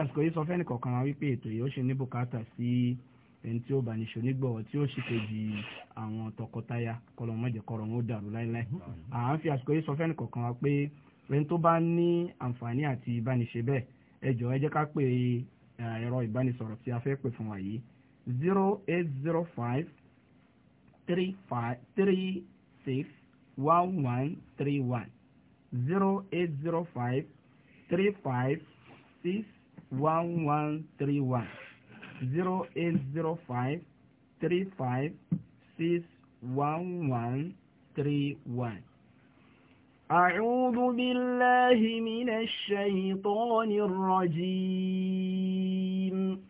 àsìkò yìí sọ fẹ́ni kọ̀ọ̀kan wa wípé ètò yìí ó ṣe ní bùkátà sí ẹni tí ó bá ní ṣonígbọ̀wọ́ tí ó ṣe kejì àwọn tọkọtaya kọlọmọdé kọrọ wọn ó dàrú láíláí à ń fi àsìkò yìí sọ fẹ́ni kọ̀ọ̀kan wa pé ẹni tó bá ní àǹfààní àti ìbániṣe bẹ́ẹ̀ ẹ jọ̀ọ́ ẹ jẹ́ ká pè ẹ̀rọ ìbánisọ̀rọ̀ tí a fẹ́ pè fún wa yìí zero eight zero five three five three six one one three one zero eight zero five three five six one one three one zero eight zero five three five six one one three one. أعوذ بالله من الشيطان الرجيم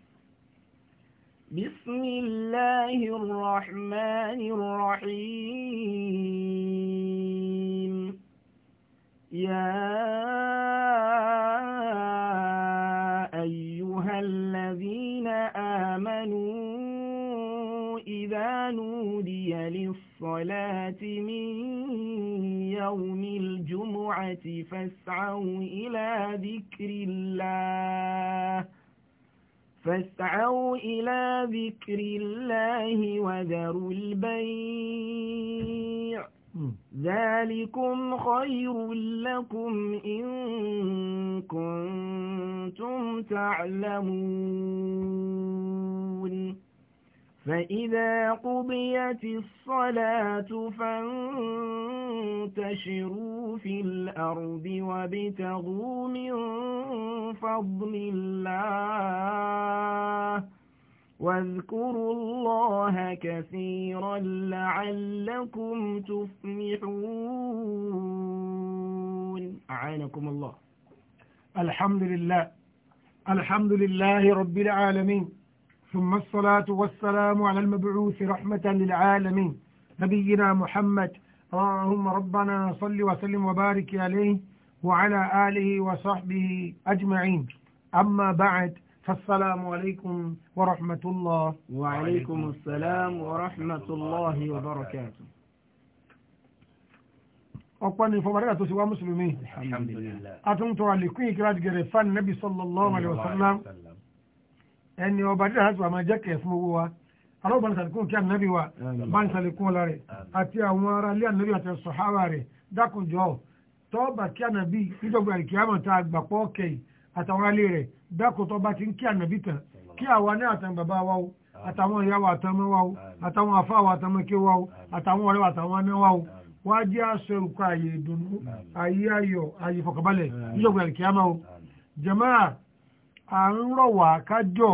بسم الله الرحمن الرحيم يا أيها الذين آمنوا إذا نودي للصلاة من يوم الجمعة فاسعوا إلى ذكر الله فاسعوا إلى ذكر الله وذروا البيع ذلكم خير لكم إن كنتم تعلمون فإذا قضيت الصلاة فانتشروا في الأرض وابتغوا من فضل الله واذكروا الله كثيرا لعلكم تفلحون أعانكم الله الحمد لله الحمد لله رب العالمين ثم الصلاة والسلام على المبعوث رحمة للعالمين نبينا محمد اللهم ربنا صل وسلم وبارك عليه وعلى آله وصحبه أجمعين أما بعد السلام عليكم ورحمة الله وعليكم السلام ورحمة الله وبركاته ọ̀pọ̀ni ìfọ̀bàrẹ́gà tó sì wá mùsùlùmí àtúntò àlékún ìkírà gẹ̀rẹ̀ fún nẹ́bí sallallahu alaihi wasallam ẹni ọba dídá láti wà máa jẹ́ kẹ̀ fún owó wa aláwọ̀ bani sàlékún kí ànábì wa bani sàlékún ọlá rẹ̀ àti àwọn ará ilé ànábì àti sọ̀háwà rẹ̀ dákùnjọ́ tọ́ọ̀bà kí ànábì nítorí àìkíyàmọ̀ tá a gbàpọ̀ kẹ̀ àtàwọn alé rẹ̀ dákòtò bá ti ń kí ànàbí tán kí àwa ní àtàn bàbá wa o àtàwọn ìyá wa àtàmọ́ wa o àtàwọn afá wa àtàmọ́ kí wa o àtàwọn ọ̀rẹ́ wa àtàwọn aná wa o wá jẹ́ aṣọ ìrùkọ àyè ìdùnnú àyè ayọ̀ àyè ìfọ̀kànbalẹ̀ níjọba ìkíyàmá o jàmáà à ń rọ̀ wá kájọ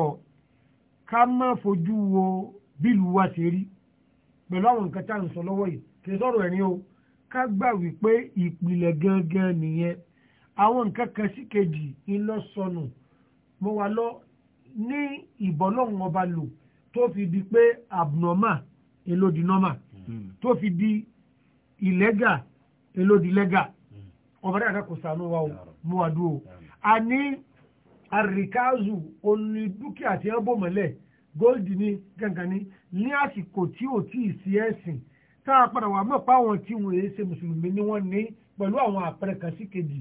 ká má fojú wo bílù wa ṣe rí pẹ̀lú àwọn nǹkan tá à ń sọ lọ́wọ́ yìí kì í sọ̀rọ̀ ẹ̀rín o ká gbà wípé ìpìlẹ̀ gangan nìyẹn àwọn nǹkan kan sí kejì mọ́ wa lọ ní ìbọ́lọ́hún ọba lò tó fi di pé abnormal elodi normal hmm. tó fi di ìlẹ́gà elodi lẹ́gà hmm. ọba dáadáa kò sànú wa o mú wa dúró a ní àríkáàzù oní dúkìá tí wọ́n bò mọ́lẹ̀ góòdì ní gangan ní ní àsìkò tí ò tí ì sí ẹ̀sìn tá a padà wà mọ̀ pé àwọn tí wọ́n èé ṣe mùsùlùmí ni wọ́n ní pẹ̀lú àwọn àpẹẹrẹ kan sí kejì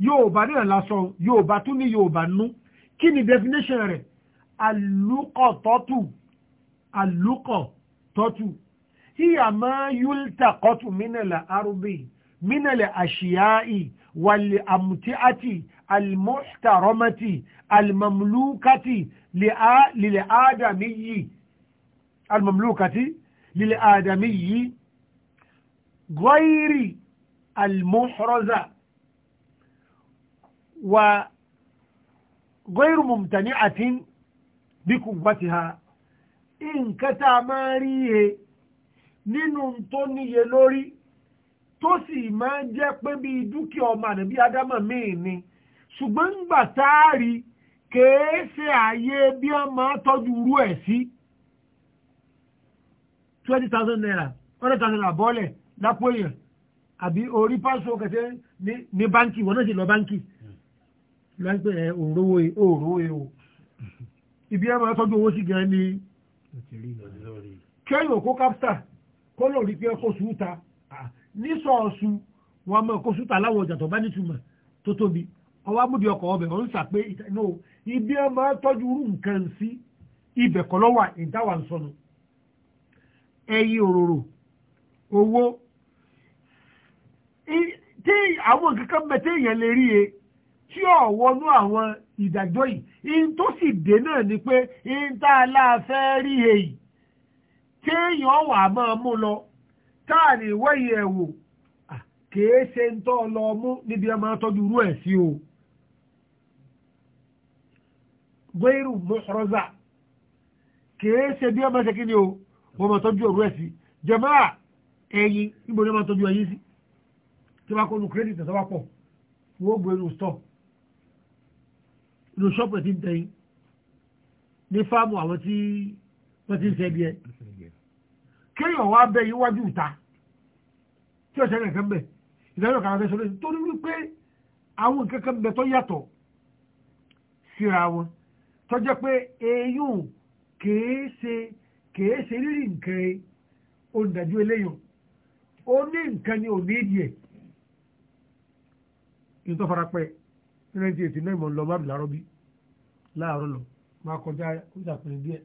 Yorùbá náà lásán Yorùbá tún ní Yorùbá nú kí ni definition rẹ̀ alukọ̀ tọ́tù alukọ̀ tọ́tù hiya ma yultaqatu minala arúgbì minala àṣìyáì wàlẹ̀ àmùtíátì almuhtaramati almamlukati lil adamiyyi almamlukati lil adamiyyi غير المحرزة وغير ممتنعة بقوتها nǹkan tá a máa rí he nínú tó níye lórí tó sì máa jẹ́ pé bí dúkìá ọmọ àdàbí ádámà míì ni ṣùgbọ́n ńgbà táàrí kèé ṣe àyè bí wọ́n máa tọ́jú irú ẹ̀ sí twenty thousand naira hundred thousand naira bọ́ọ̀lẹ̀ lápò èèyàn àbí orí pásítọ̀ kẹsẹ̀ ní báńkì wọn náà sì lọ báńkì láìpẹ́ ẹ òrówó e, òrówó e o ibi ẹ máa tọ́jú owó sí gan ni kẹ́yìn òkó kápítà kó lórí pé kó sùúta ní sọ́ọ̀sù wọn máa kó sùúta láwọn ọjà tó bá nítumọ̀ tó tóbi ọwọ́ amúdi ọkọ̀ ọbẹ̀ ọ̀ ń sà pé ibi ẹ máa tọ́jú irú nǹkan sí ibẹ̀ kọ́ lọ́wọ́ ìdáwà ń sọnù ẹyí òróró owó tí àwọn kankan bẹ tí lè rí e tí ò wọnú àwọn ìdájọ́ yìí in tó sì dé náà ni pé in tá a láàfẹ́ rí èyí téèyàn wà máa mú lọ táà ní wẹ́yìn ẹ̀wò kèé ṣe ń tọ́ lọ mú níbi ẹ máa tọ́jú irú ẹ̀ sí o. gbẹ́rù mọ́ṣọ́rọ́zà kèé ṣe bí ẹ máa ni o wọ́n máa tọ́jú ọ̀rọ̀ ẹ̀ sí jẹ̀mọ́à ẹ̀yìn níbo ni wọ́n máa tọ́jú ẹ̀yìn sí tí wọ́n bá kọ́ nu kírẹ́dìtì tó bá pọ̀ wọ́n gbẹ́rù stọ̀ọ̀ inú ṣọ́ọ̀pù ẹ̀ ti ń tẹ̀yìn ní fáàmù àwọn tí wọ́n ti ń sẹ́bi ẹ̀ kéèyàn wá bẹ́ iwájú ìta tí ọ̀sẹ̀ rẹ̀ kan bẹ̀ ìdájọ́ kan abẹ́ sọ́dọ̀ torí wípé àwọn nǹkan kan bẹ tó yàtọ̀ síra wọn tó jẹ́ pé eyín kèé ṣe kèé ṣe rírì nǹkan olùdájú eléyàn ó ní nǹkan ni ò ní ìdí ẹ̀ ìtọ́farapẹ́ ní nineteen eighty nine mo ń lọ bábìlì arọ́bí láàárọ̀ lọ máa kọjá oríta pẹ̀lú díẹ̀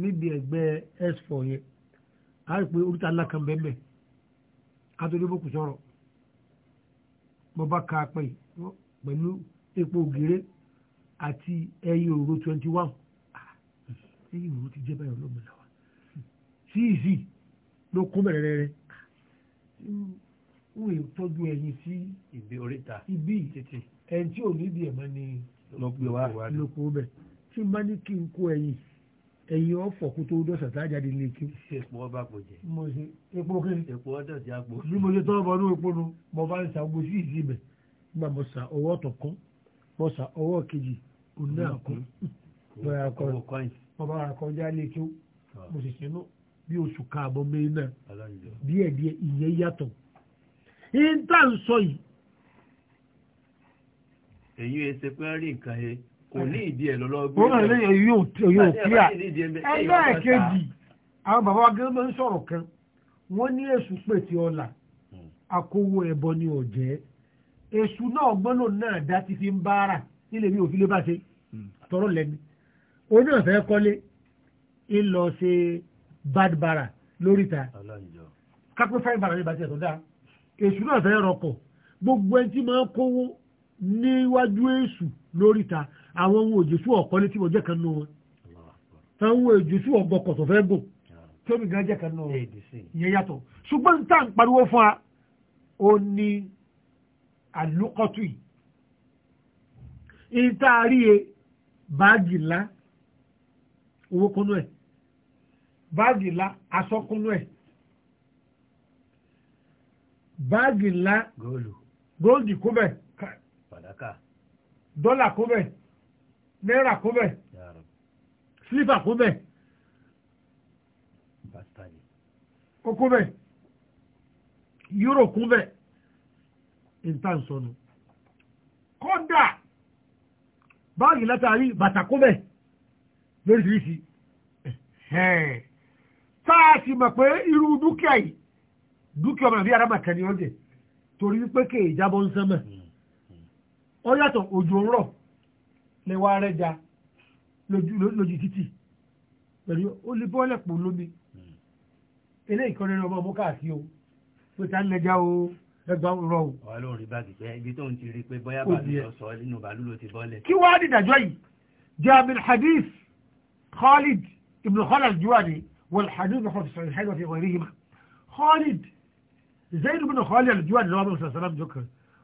níbi ẹgbẹ́ s four yẹn a rí i pé oríta ńlá kan bẹ́ẹ̀ bẹ́ẹ̀ ká tó dé bókù sọ̀rọ̀ mo bá ka apẹ̀ pẹ̀lú epo ògèrè àti ẹyin òru twenty one ah, ẹyin òru ti jẹ́ báyọ̀ lọ́mọdé wa síìsì ló kún bẹ̀rẹ̀ rẹ̀ wọ́n ah, tọ́jú ẹyin sí ibi oríta ibi títì ẹni tí ò nídìí ẹ̀ mọ́ ni ló pè wá ló kó bẹ̀ tí n bá ní kí n kó ẹyin ẹyin ọ̀fọ̀ kó tó dọ̀sà tá a jáde lè ké. epo ọba kò jẹ. mo ṣe epo kí ni. epo ọdọ ti àpò. bí mo ṣe tọ́ ọmọ inú epo nu mo bá ń sa gbogbo sí ìdí ibẹ̀ nígbà mo sa ọwọ́ tó kún mo sa ọwọ́ kejì òní àkún lọ́yà kọ́ mo bá ara kọjá lè ké mo sì sinú bí oṣù káàbọ̀ mẹ́rin náà díẹ̀díẹ̀ ìyẹn yàtọ̀. ìyẹn tá à ń sọ yìí èyí ẹ ṣe pé rí nǹkan yẹn kò ní ìdí ẹ lọ́lọ́ gbé. wọ́n lè yóò yóò kíá ẹlẹ́ẹ̀kejì àwọn bàbá wa gẹ́gẹ́ bá ń sọ̀rọ̀ kan wọ́n ní èṣù pè tí ọ̀la hmm. àkówó ẹ̀bọ ni ọ̀jẹ́ èṣù náà gbọ́nà náà dá ti fi ń bára nílé mi ò fi lé bá ṣe hmm. tọrọ lẹ́nu oní ọ̀fẹ́ kọ́lé ń lọ ṣe bad bara lóríta kápẹ́ fáìbàrà ní bàtí ẹ̀tọ́ dáa èṣù náà fẹ́ rọkọ̀ gbogbo ẹni tí máa ń kówó níwájú èṣù lóríta àwọn ohun òjòsú ọ̀kọ́lé tí mo jẹ́ kan nù wọn táwọn òjòsú ọ̀gọ̀kọ̀ tó fẹ́ gùn tóbi gan jẹ́ kan nù wọn ìyẹn yàtọ̀ ṣùgbọ́n tá à ń pariwo fún wa ó ní àlùkọ́tù yìí ìta àríye báàgì ńlá owó kúnú ẹ̀ báàgì ńlá aṣọ kúnú ẹ̀ báàgì ńlá góòlù kúbẹ̀ fàdákà. dọ́là kó bẹ̀ náírà kó bẹ̀ sílífà kó bẹ̀ ó kó bẹ̀ yúrò kó bẹ̀ ìtànsọ́nù kódà báàgì látàrí bàtà kó bẹ̀ lóríṣiríṣi tá a sì mọ̀ pé irú dúkìá yìí dúkìá ọmọ nàbí arámàkà ni wọ́n jẹ́ torí wípé kéèjábọ̀ ń sánmọ̀. Hmm ó yàtọ̀ òjò ń rọ̀ lẹ́wọ́ arẹ́ja lójú títì pẹ̀lú ó lè bọ́ọ̀lẹ̀ pò lómi eléyìí kan nínú ọmọ ọmọ káàkiri o pé ta ń lẹja o ẹgbà ń rọ o. ọ̀rọ̀ ló ń rí báàgì pé ibi tó ń ti rí pé bóyá bàálù lọ sọ nínú bàálù ló ti bọ́ọ̀lẹ̀. kí wàá dìdàjọ́ yìí jaamin hadith khalid ibn khalid juwani wal hadith nafa fi sahihayn wa fi ghayrihima khalid zayd ibn khalid juwani lọ́wọ́ bí wọ́n sọ̀rọ̀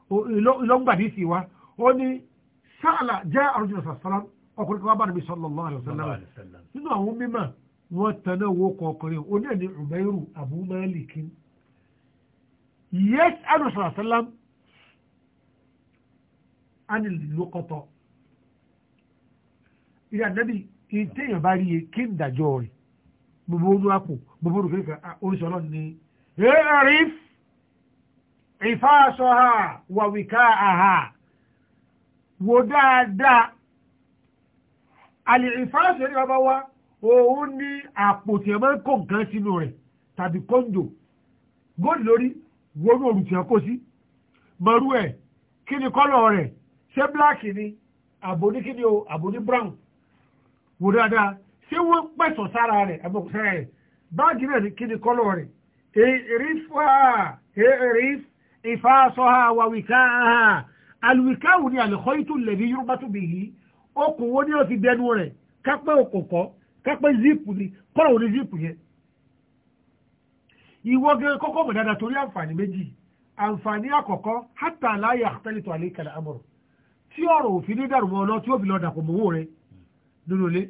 sọ́lá ó ní sáàlà jẹ́ àrùjọ sàṣàlám ọkùnrin kan wá bá níbi sallallahu alaihi wasallam nínú àwọn mímọ̀ wọn tẹ̀lé owó kọkùnrin ó ní ẹni Umairu Abu Malikin yẹ́sì àrùjọ sàṣàlám ánì lókọ́tọ̀ ìyá nẹ́bí ìtẹ̀yàn bá rí e kí ń dàjọ́ rẹ̀ gbogbo ojú àpò gbogbo olùkọ́ ìfẹ́ oríṣọ́lọ́ ni ẹ̀rìf ìfáàṣọ́ ha wàwíká àhà wò dáadáa àlè ìfáàsì ẹni bàbá wa òun ní àpòtì ẹ̀mọ́ kó nǹkan sínú rẹ̀ tàbí kóńdò góòlù lórí wọnú òrùtì ẹ̀kọ́ sí mọ̀rú ẹ̀ kí ni kọ́lọ̀ rẹ̀ ṣé bíláàkì ni àbò ní kí ni o àbò ní brown wò dáadáa ṣé wọ́n pẹ̀sọ̀ sára rẹ̀ àbọ̀kù sára rẹ̀ báàgì náà ní kí ni kọ́lọ̀ rẹ̀ èrè ìfà sọ́ha wàwíkà hàn àlùwìkáwù ni àlùkọ́ ìtù lẹ̀bí yorùbá tó bè yìí okùn wo ni wọ́n ti bẹnu rẹ̀ kápẹ́ òkòkọ́ kápẹ́ zipu ni kọ́rọ̀ òní zipu yẹn ìwọ gẹ́gẹ́ kọ́kọ́ mọ̀ dáadáa torí àǹfààní méjì àǹfààní àkọ́kọ́ hátà láyé àtẹ́lẹ̀tọ̀ àlẹ́ ìkàlẹ̀ àmọ̀rọ̀ tí ọ̀rọ̀ òfin ní dàrú mọ́ ọ lọ tí ó fi lọ dàpọ̀ mọ́wó rẹ̀ nínú ilé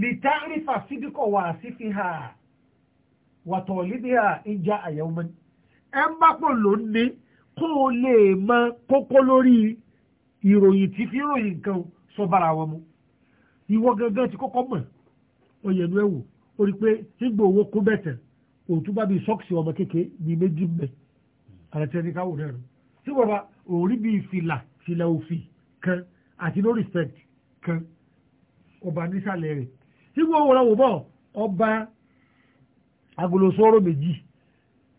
lè tá rífà sídìkọ̀ wà sí fi hà wàtọ̀ lídìí hà ń já àyẹ̀wò mọ́ni ẹ ń bá pọ̀ lónìí kó o lè mọ kókó lórí ìròyìn tí fi ròyìn nǹkan sọ bára wọn mu ìwọ gangan ti kọ́kọ́ mọ̀ ọyẹnu ẹ wò ó rí i pé nígbà owó kó bẹ̀tẹ̀ òtún bá bí sọ́ọ̀kì ọmọ kékeré ní méjì mbẹ àrẹ̀tẹ́ni káwọ̀ náà rẹ̀ tí wọ́n bá òórí bí fìlà fìlà òfì kan àti no respect kan ọba nísàlẹ̀ rẹ̀ tí wọ́n wọ́n wọ́n bọ̀ ọba agolosoro méjì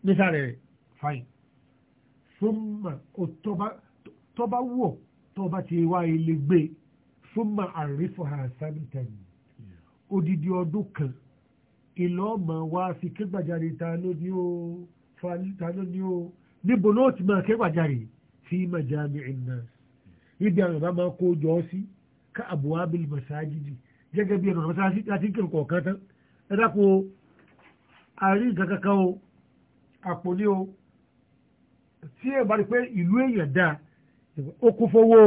nísàlẹ̀ rẹ̀ fine fúnmà tọ́ba wọ̀ tọ́ba ti wá ilé gbé fúnmà àrífọ̀hà sábìtàn odidi ọdún kan ìlọ́ ọmọ wa fi kégbàjáde ta ló ní o ta ló ní o níbo ló ti máa kégbàjáde fi màjáde ìnà ibi àwọn bàbá máa kó jọ sí ká àbúwá bíi màsáàjìdì gẹ́gẹ́ bí ẹ̀rọ màsáàjì láti ń kírun kọ̀ọ̀kan tán ẹ dákun o àrí nǹkan kankan o àpò ní o tí èèyàn bá rí pé ìlú èèyàn dá ó kún fowó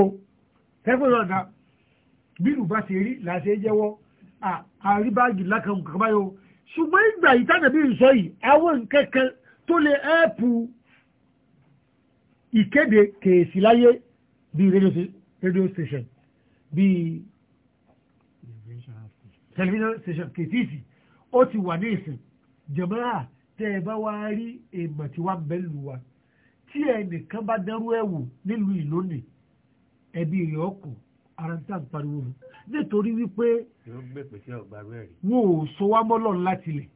tẹ́fẹ́ yóò dá bí ìlú bá ṣe rí làṣẹ jẹ́wọ́ àrí báàgì lákàmù kankan báyọ̀ ṣùgbọ́n ìgbà yìí tánà bí ìsọ yìí àwọn nkẹ́kẹ́ tó lè ẹ́ẹ̀pù ìkéde kèèsì láyé bí radio station bí television station kètìsì ó ti wà ní ìsìn jẹ̀mọ́ra tẹ́ ẹ bá wá rí èèmọ̀ tí wá bẹ́ẹ̀ lù wá tí ẹnìkan bá dẹrú ẹ wò nílùú ìlónìí ẹbí rẹ ọkọ ara ń tà ń pariwo nù nítorí wípé wọn ò sọ wá mọ́ lọ́n láti lẹ̀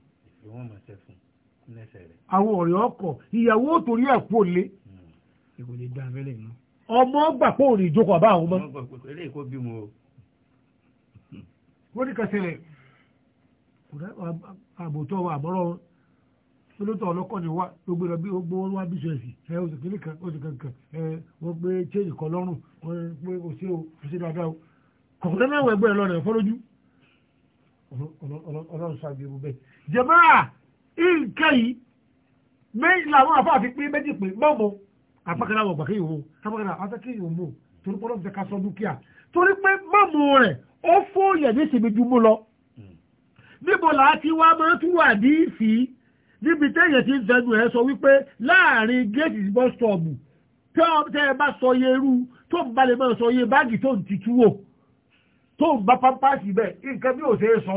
àwọn ọ̀rẹ́ ọkọ ìyàwó torí ẹ̀ kú òlé hmm. ọmọ gbà pé òrìn ìjókòó àbá àwọn ọmọ wọ́n ní kẹsẹ̀ àbòtọ́ àbọ̀rọ̀ lótọ́ ọlọ́kọ̀ ni wa gbogbo rẹ̀ bí gbogbo wọn wá bíṣẹ̀sì ẹ oṣù kìíní kan oṣù kankan ẹ wọ́n gbé chéèjì kan lọ́rùn wọ́n gbé òṣè o òṣè dáadáa o kọ̀ọ̀kan náà wọ ẹgbẹ́ rẹ̀ lọ́rẹ̀ fọ́lójú ọlọ́run ṣáàbì ewu bẹ́ẹ̀. jẹ̀mọ́ra nǹkan yìí méjì làwọn àfáà fi pín méjì pín mọ́mọ́ apákaná wọ̀ gbàkéyìí wo apákaná afẹ́kéyìí wo mọ́ torí pọ́lọ́ fẹ́ ká sọ dúkìá torí pé mọ́mọ́ rẹ̀ ó fóyẹ̀ ní ìsinmi dúmú lọ hmm. níbo làá ti wá máa tún wà ní ìfì níbi téèyàn ti ń tẹnu ẹ̀ sọ wípé láàrin géètì sí bọ́sítọ̀ọ̀bù tẹ́ ẹ bá sọ iye irú tó ń balẹ̀ máa sọ iye báàgì tó ń ti túwò tó ń bá pápásì bẹ́ẹ̀ nǹkan bí ò ṣe é sọ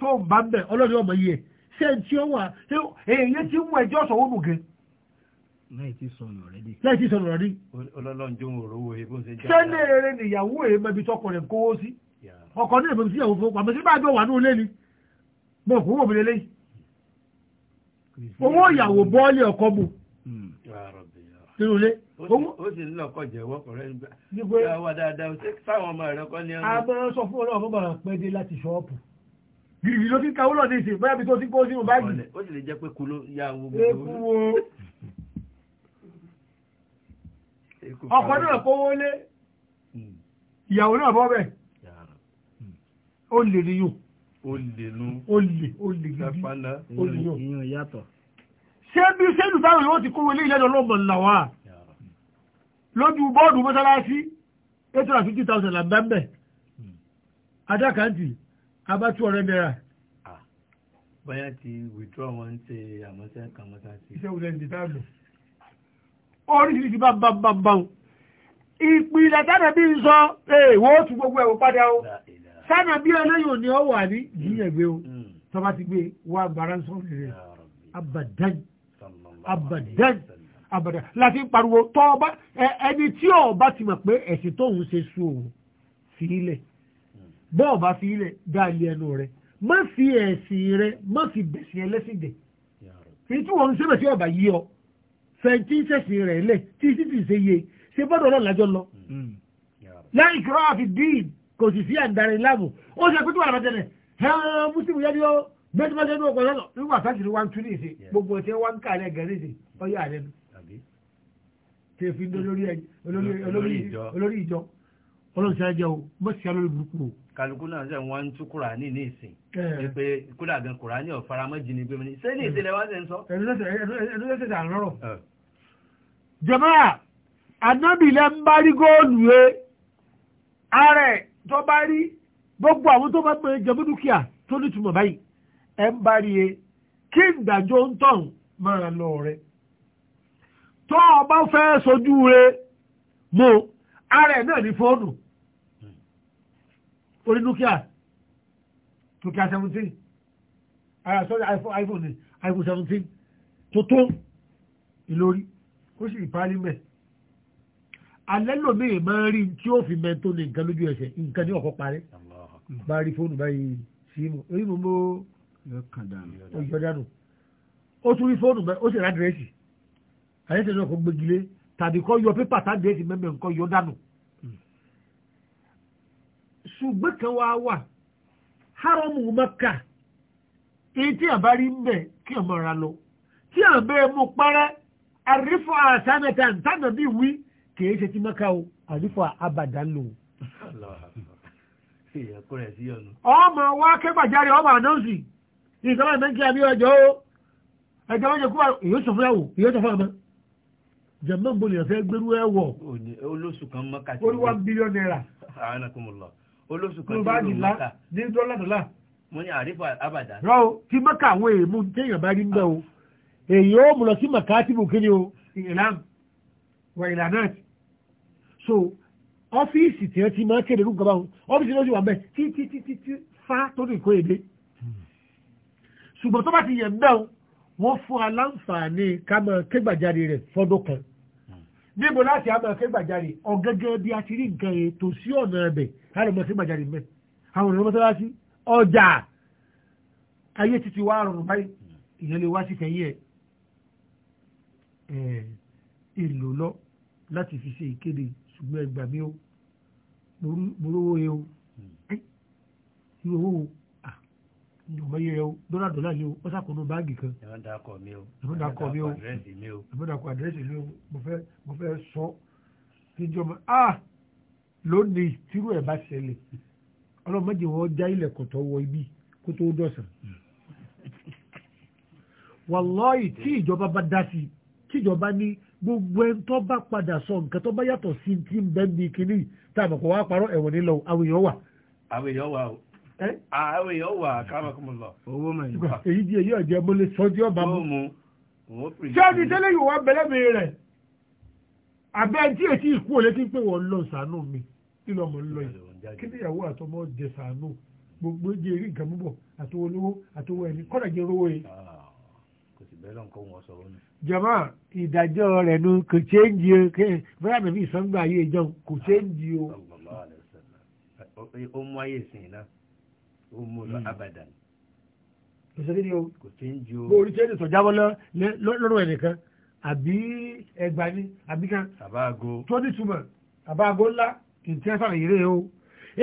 tó ń bá bẹ̀ ọlọ́dún ọmọ yìí ẹ̀ ṣé tí ó wà èyí tí mú ẹjọ́ sọ wọ́n gẹ́ láì tí sọnù rẹ̀ láì tí sọnù rẹ̀ rí ọlọ́lọ́njọ́ òrówó ebó ṣe jáde ṣẹ́lẹ̀ rẹ̀ nìyàwó ni bọ́ọ̀kú owó ìyàwó bọ́ọ̀lì ọkọ bò tìrùlé. Hmm. ó sì nílò ọkọ jẹ́wọ́ kọrẹ nígbà wà dáadáa ṣé fáwọn ọmọ rẹ kọ ní ọmọ. abẹ́rẹ́ sọ fún ọlọ́run fún bàrà pẹ́ dé láti ṣọ́ọ̀pù. gìrì ló ti ka wúlọ̀ ní ìsìn bóyá bí tó ti kó sínú báàgì. ó sì lè jẹ́ pé kúló ya wo gbogbo. ọkọ náà kówó lé hmm. ìyàwó náà bọ́ bẹ́ẹ̀ ó lè rí yùn olèlú olè olè gàpàlà olèyàn yàtọ̀. ṣé bí sẹ́lù táwọn yóò ti kówó ilé ìlẹ́dọ̀ lọ́gbọ̀n ńlá wa lójú bọ́ọ̀dù mọ́sálásí eight hundred fifty thousand là bá bẹ̀ adákàntì abá two hundred naira. báyà ti withdraw wọn ṣe àmọ́sẹ́ kàmọ́sá sí. iṣẹ́ wo lẹ́yìn tí tá a lò. oríṣiríṣi bá bá bá bá wọn. ìpìlẹ̀ tánà bí n sọ èèwọ̀ tún gbogbo ẹ̀wọ̀ padà o sánà bí ẹlẹ́yìn òní ọwọ́ àní jíyẹ̀gbé mm. o mm. tọba ti gbé wà gbára ń sọ́rọ̀ rẹ̀ abadan abadan abadan láti pariwo tọba ẹni tí ọba ti mọ̀ pé ẹ̀sìn tóun ṣe sú òun fi ilẹ̀ mm. bọ́ọ̀bá fi ilẹ̀ dáàlì ẹnu rẹ̀ má fi ẹ̀sìn rẹ̀ má fi bẹ̀sìn ẹlẹ́sìn dẹ̀ èyí tí wọ́n ń sẹ́bẹ̀ sí ọ̀bà yí ọ fẹ̀ǹtì sẹ̀sìn rẹ̀ lẹ̀ tí títì ṣe yé ṣe bọ́dọ̀ ọlọ́run lọ láì kí wọ́n á fi díìdì kò sì sí àǹdarí láàmù ó ṣe pé tó wà lábẹ́tẹ̀lẹ̀ ẹ̀rọ mùsùlùmí yẹn ni ó mẹ́tìmọ́tì ẹni ọkọ̀ lọ́sọ̀ nígbà sáàkiri wa ń tún ní ìsìn gbogbo ẹ̀tẹ́ wa ń kà ní ẹ̀gẹ́ ní ìsìn ọyọ́ àrẹ nu tẹ́ fi olórí ìjọ ọlọ́sẹ̀ ajẹ́ o mọ̀sí alórí burúkú o. kálukú náà ṣe wọn ń tú kúránì ní ìsìn pé kúlà gan kúránì ọ̀faramọ́jì ni gbẹmí ṣé ní ìsìn lẹ́wọ́n ṣe ń sọ. ẹnu lẹ́sẹ̀ tà ń rọrọ̀. jẹ̀mọ́ ànábìlẹ̀ ń bá rí góòlù rẹ̀ ààrẹ tó bá rí gbogbo àwọn tó bá pè é jẹ̀mú dúkìá tó nítumọ̀ báyìí ẹ̀ ń bá rí e kí ìdájọ́ ń tàn máa lọ rẹ̀ tó o bá fẹ́ sojú rẹ̀ mo ara ẹ̀ náà ní fóònù orí dúkìá dúkìá seventeen ara ah, sọ́jà iphone iphone seventeen tó tó ìlórí ó sì ìparí mẹ́ẹ̀ alẹ́ lòmíì máa rí tí ó fi mẹ́tò ní nǹkan lójú ẹsẹ̀ nǹkan ní ọ̀kọ́ parí bá rí fóònù báyìí síìmù èyí mo mọ ọjọ́ dànù ó tún rí fóònù bẹ́ẹ̀ ó sì rá dírẹ́sì àyẹ̀sẹ̀ náà kò gbégilé tàbí kọ́ yọ pépà tá dírẹ́sì mẹ́mẹ́ nǹkan yọ dànù. Hmm. ṣùgbọ́n kan wá wà hárọ́mù mọ́kà èyí tí àbá rí ń kí ọmọ ra lọ tí àbẹ́ mu pẹ́rẹ́ àrífọ́ àṣánẹ́tà ntánàbí wí kìí ṣe ti mẹ́ka o àdúfà abàdá ń lò ó. ọmọ wa kẹgbàjáre ọmọ ànáǹsì ìjọba ìmẹ́kí àbí ọjọ́ o ẹjọ́ wọn jẹ kúrò ìyóò sọ fúnra wò ìyóò sọ fún ọmọ jẹ̀mọ́ nbọ̀lì ọ̀fẹ́ gbẹrú ẹ wọ̀. olóṣù kan mọ́ka tí. olúwa bílíọ̀nù náírà. olóṣù kan tí ó mọ́ka. ní dọ́là dọ́là. mo ní àrífà abàdá. rọ o ti mọ́ka àwọn èèmù téèyàn bá rí ń bẹ́ o èyí ó mú lọ sí màkà tìbù kiri o ah. ìlànà ìlànà àti so ọ́fíìsì tí wọ́n ti máa kéde rúgbà báwọn ọ́fíìsì ló sì wà bẹ́ẹ̀ tí tí tí tí tí fá tó ní ìkó èdè ṣùgbọ́n tó bá ti yẹ̀ náà wọ́n fún aláǹfààní ká máa kégbàjáde rẹ̀ fọ́dún kan níbo láti àmọ́ kégbàjáde ọ̀gẹ́gẹ́ bí a ti rí nǹkan ètò sí ọ̀nà ẹ̀bẹ̀ àlọ́mọ kégbàjáde mẹ́ àwọn ọ̀nà mọ́sálásí ọjà ayé títí wá rọrùn báyìí ìyẹn lè wá sí tẹ̀yìn ẹ̀ èlò lọ láti fi ṣe ìkéde ṣùgbọ́n ẹgbà mi ó borówó yẹ o hmm. irú owó ìyọ̀mọ́yẹ yẹ o dọ́là dọ́là ni o ó sàkóso báàgì kan. ẹ̀rọ dakọ̀ mi o ẹ̀rọ dakọ̀ mi o ẹ̀rọ dakọ̀ àdírẹ́sì mi o mo fẹ́ mo fẹ́ sọ kíjọ ma ah lónìí tírú ẹ̀ bá ṣẹlẹ̀ ọlọ́mọdé wọn já ilẹ̀ kọ̀tọ̀ wọ ibi kó tó dọ̀sán hmm. wàlọ́ọ̀yì tí ìjọba bá dá sí tíjọba ní gbogbo ẹni tó bá padà sọ nǹkan tó bá yàtọ̀ sí ti ń bẹ́ ní kinní tá a mọ̀ kó wá parọ́ ẹ̀wọ̀n nílọ àwọn èèyàn wà. àwọn èèyàn wà o àwọn èèyàn wà káàmọ̀ kó mo lọ. owó mọ̀ nípa èyí di èyí ọ̀jẹ̀ mo lè sọ tí ọba mu. ṣé ẹni tẹ́lẹ̀ yìí wá bẹ̀lẹ́bẹ̀ rẹ̀ àbẹ́ ẹni tí èsì ìkú òlé ti pè wọ́n lọ sànú mi nílò ọmọ ńlọ yìí kí níyàwó àtọmọ jẹ sànú gbogbo jẹ eré nǹkan búbọ̀ àtọwọ́ olówó yìí. Ah, kò sì bẹ́ẹ̀ lọ́nkọ́ jọmọ ìdájọ́ rẹ̀ nu kò chéńjì o bóyá nàbí ìsọ̀ngbà ayé ìjọ kò chéńjì o. ó mú ayé sìn náà ó mú lọ hmm. abadan. kò sí kíni o kò chéńjì o. orí chéńjì sọ̀jáwọ́ lọ́rùn ẹnìkan àbí ẹgbàáni àbí kan. àbáago. tó ní túmọ̀ àbáago ńlá kì í tẹ́ sàrẹ̀ yìí rẹ̀ o.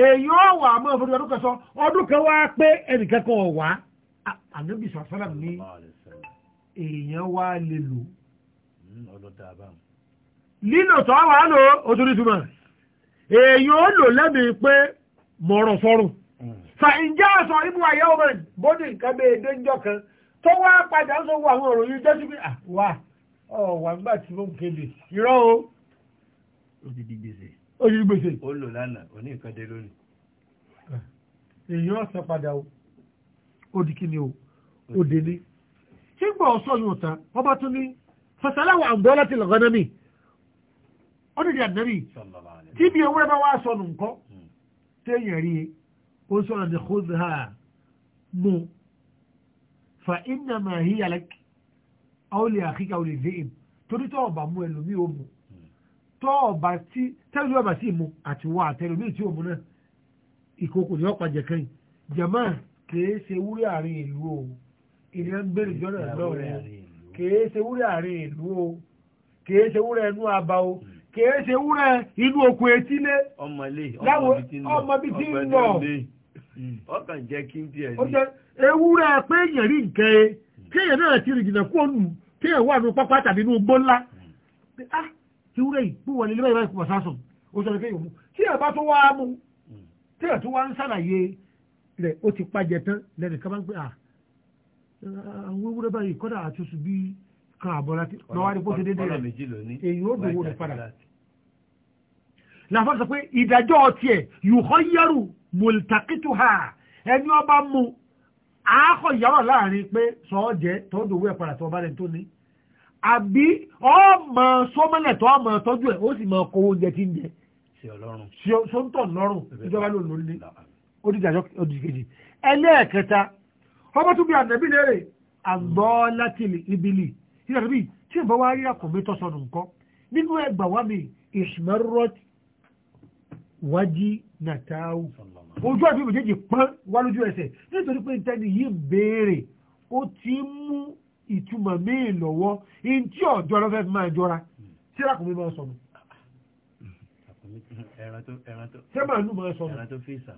èyí ó wà á mọ̀ fún ọdún kan sọ ọdún kan wá pé ẹnìkan kan ọ̀ wá ànábì sàfẹ́ràn ní. èèyàn wá lè lò. lílò tó wàá lò ó tún nítumọ̀ èèyàn ó pé mọ̀rọ̀ sọ́rùn. Hmm. fa àṣọ ibú àyẹ̀wò mẹ́rin bóde nǹkan bẹ́ẹ̀ déjọ́ kan tó wá padà sọ wọ àwọn ọ̀rọ̀ jẹ́ wà ọ̀ wà nígbà tí ń kéde o. ó ti di gbèsè. ó ti di gbèsè. ó lò lánàá o di kí tí gbọ́ ọ̀sọ́ yóò tán ọba tún ní fasaláwà àgbọ́lá ti lọ́gán náà mi ó nìdí àdínábì tí bí ewúrẹ́ bá wá sọnù nǹkan hmm. téèyàn rí ó sọ̀rọ̀ ní kóòdùhà mú fa iná máa hí alẹ́k àwọlé àkíkà òlè zéèm torí tó ọba mú ẹlòmí ó mú hmm. tó ọba tí tẹ́lú ọba sí mú àti wọ àtẹlòmí tí ó mú náà ìkókò ní ọ̀pá jẹ̀kẹ́yìn jẹ̀mọ́ kìí ṣe wúrẹ́ àárín ìlú òun ìrìnà ń bèrè jọ́nà lọ́rẹ̀ kìí ṣe wúrẹ́ àárín ìlú o kìí ṣe wúrẹ́ inú àbá o hmm. kìí ṣe wúrẹ́ inú oko etílé ọmọ bíi ti ń lọ ọkàn hmm. jẹ́ kí n tiẹ̀ ní. ewúrẹ́ pé èèyàn rí nǹkan ẹ e. hmm. kéèyàn náà ti rìn jìnnà kó nù kéèyàn wà nù pápá tàbí nù gbó ńlá ah ewúrẹ́ yìí pé wọlé lébàá ìbáyìí kò wà sásùn ó sọ kéèyàn bá tó wá mú tí tó wá ń ṣàlàyé rẹ̀ ó ti pàjẹ́ tán lẹ́nu ká ń pè ah àwọn ewúrẹ́ báyìí kọ́dà àti oṣù bíi kan àbọ̀lá tí lọ́wọ́ adé pọ́sẹ̀ déédéé rẹ̀ èyí ó dòwò rẹ̀ padà. làfọ́ sọ pé ìdájọ́ tiẹ̀ yùkọ́ yẹ́rù mọ̀lítàkìtù ha ẹni ọba mu àákọ̀ yàrá láàrin pé sọ́ọ́ jẹ́ tó dòwò ẹ̀ padà tó ọba rẹ̀ tó ní. àbí ọmọ sọmọlẹ̀ tó ọmọ tọ́jú ẹ̀ ó sì máa kó oúnjẹ tí ń jẹ. sọ́ńtọ̀ lọ́rùn ìjọba ló lò ní. ó di ìdájọ́ ó di kejì ẹlẹ́ẹ̀kẹta ọmọ tún bí ànẹ́bí lérè àgbọ́látìlì ibìlì tí ànẹ́bí tí ìbọn wá rí àkùnmí tó sọnù nǹkan nínú ẹgbà wá mi ìṣmẹ́rọ́t wájí nàtàù ojú àti méjèèjì pọ́n wá lójú ẹsẹ̀ nítorí pé ìtẹ́ni yìí béèrè ó ti mú ìtumọ̀ míì lọ́wọ́ in tí ọ̀jọ́ lọ́fẹ́ fi máa jọra tí àkùnmí máa sọnù. ẹran tó fèsà.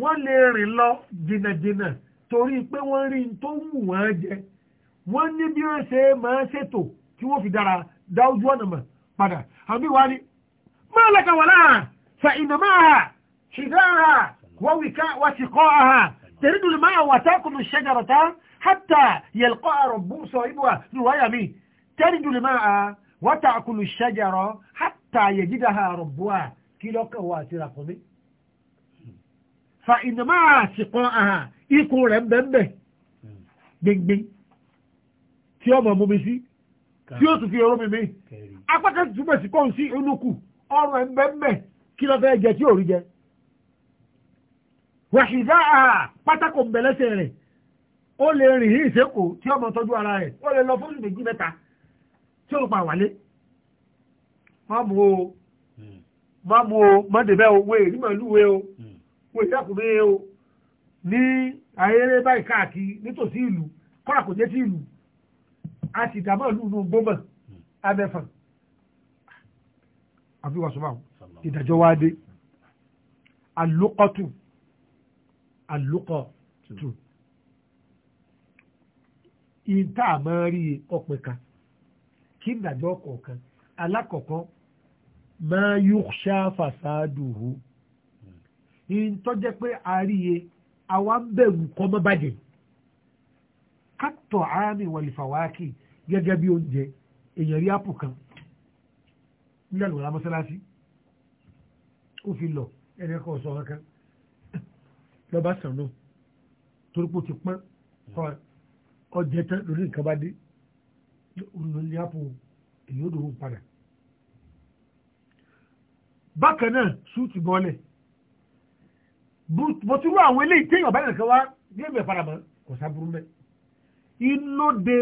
wọ́n lè rìn lọ jìnnàjìnnà torí pé wọ́n rí n tó wù wọ́n jẹ wọ́n ní bí wọ́n ṣe máa ṣètò tí wọ́n fi dára dá ojú ọ̀nà mọ̀ padà àbí wàá ní máa lẹ́ka wà láà fa ìnàmá ha ṣìdá ha wọ́wìká wà sí kọ́ ha tẹ̀rí dùn máa wà tákùnù ṣẹ́jàrọ̀tá hátà yẹ̀lkọ́ àrọ̀bù sọ ibùwà níwáyà mi tẹ̀rí dùn máa wà tákùnù ṣẹ́jàrọ̀ hátà yẹ̀jídà ha àrọ̀bù wa kí lọ́kàn wà àti ràkùnmí fa ìnàmá ha ikùn rẹ̀ bẹ́ẹ̀bẹ̀ hmm. gbẹ̀ngbẹ̀ tí ọmọ mọ́mi sí tí ó tún fi oró mi mi apákẹ́ túnbẹ̀ sí kọ́hún sí olúkù ọrùn ẹ̀ bẹ́ẹ̀bẹ̀ kí ló fẹ́ jẹ tí ò rí jẹ wàṣìdá pátákó ń bẹ̀lẹ́sẹ̀ rẹ̀ ó lè rìn ní ìṣẹ́kù tí ọmọ tọ́jú ara rẹ̀ ó lè lọ fún méjì mẹ́ta tí ó pa wálé mọ́mú o mọ́mú hmm. o mọ́dẹ̀bẹ́ o wé ìrímọ̀lúwé o hmm. wé ìdákùnrin o ní ayẹyẹ báyìí káàkiri nítòsí ìlú kọ́ra kò jẹ́ sí ìlú a sì dàmọ́ ìlú inú gbọ́mọ̀ abẹ́fà àbíwàsọ́mà ìdájọ́ wa dé alókọ́tù alókọ́tù ìta àmọ́rí ọ̀pẹ̀ kan kí ìdájọ́ kọ̀ọ̀kan alákọ̀ọ́kọ́ máa yóò ṣáfàṣáàdùhù ìtọ́jẹ́ pé àríyé àwa ń bẹ̀rù kọ́ mọ́ bàjẹ́ kátọ̀ ámì wàlìfàwákì gẹ́gẹ́ bí oúnjẹ èèyàn rí ápù kan nílẹ̀ lọ́la mọ́sálásí ó fi lọ ẹni kan sọ kankan lọ́ba sànú torípò ti pọ́n ọjẹ tán lórí nǹkan bá dé olùlọ́lẹ́ ápù èyí ó dòun padà bákan náà súùtì bọ́ọ̀lẹ̀ bó ti rú àwọn eléyìí téèyàn bá nìkan wá gébè faramọ́ kò sábúrú mẹ́. ìlóde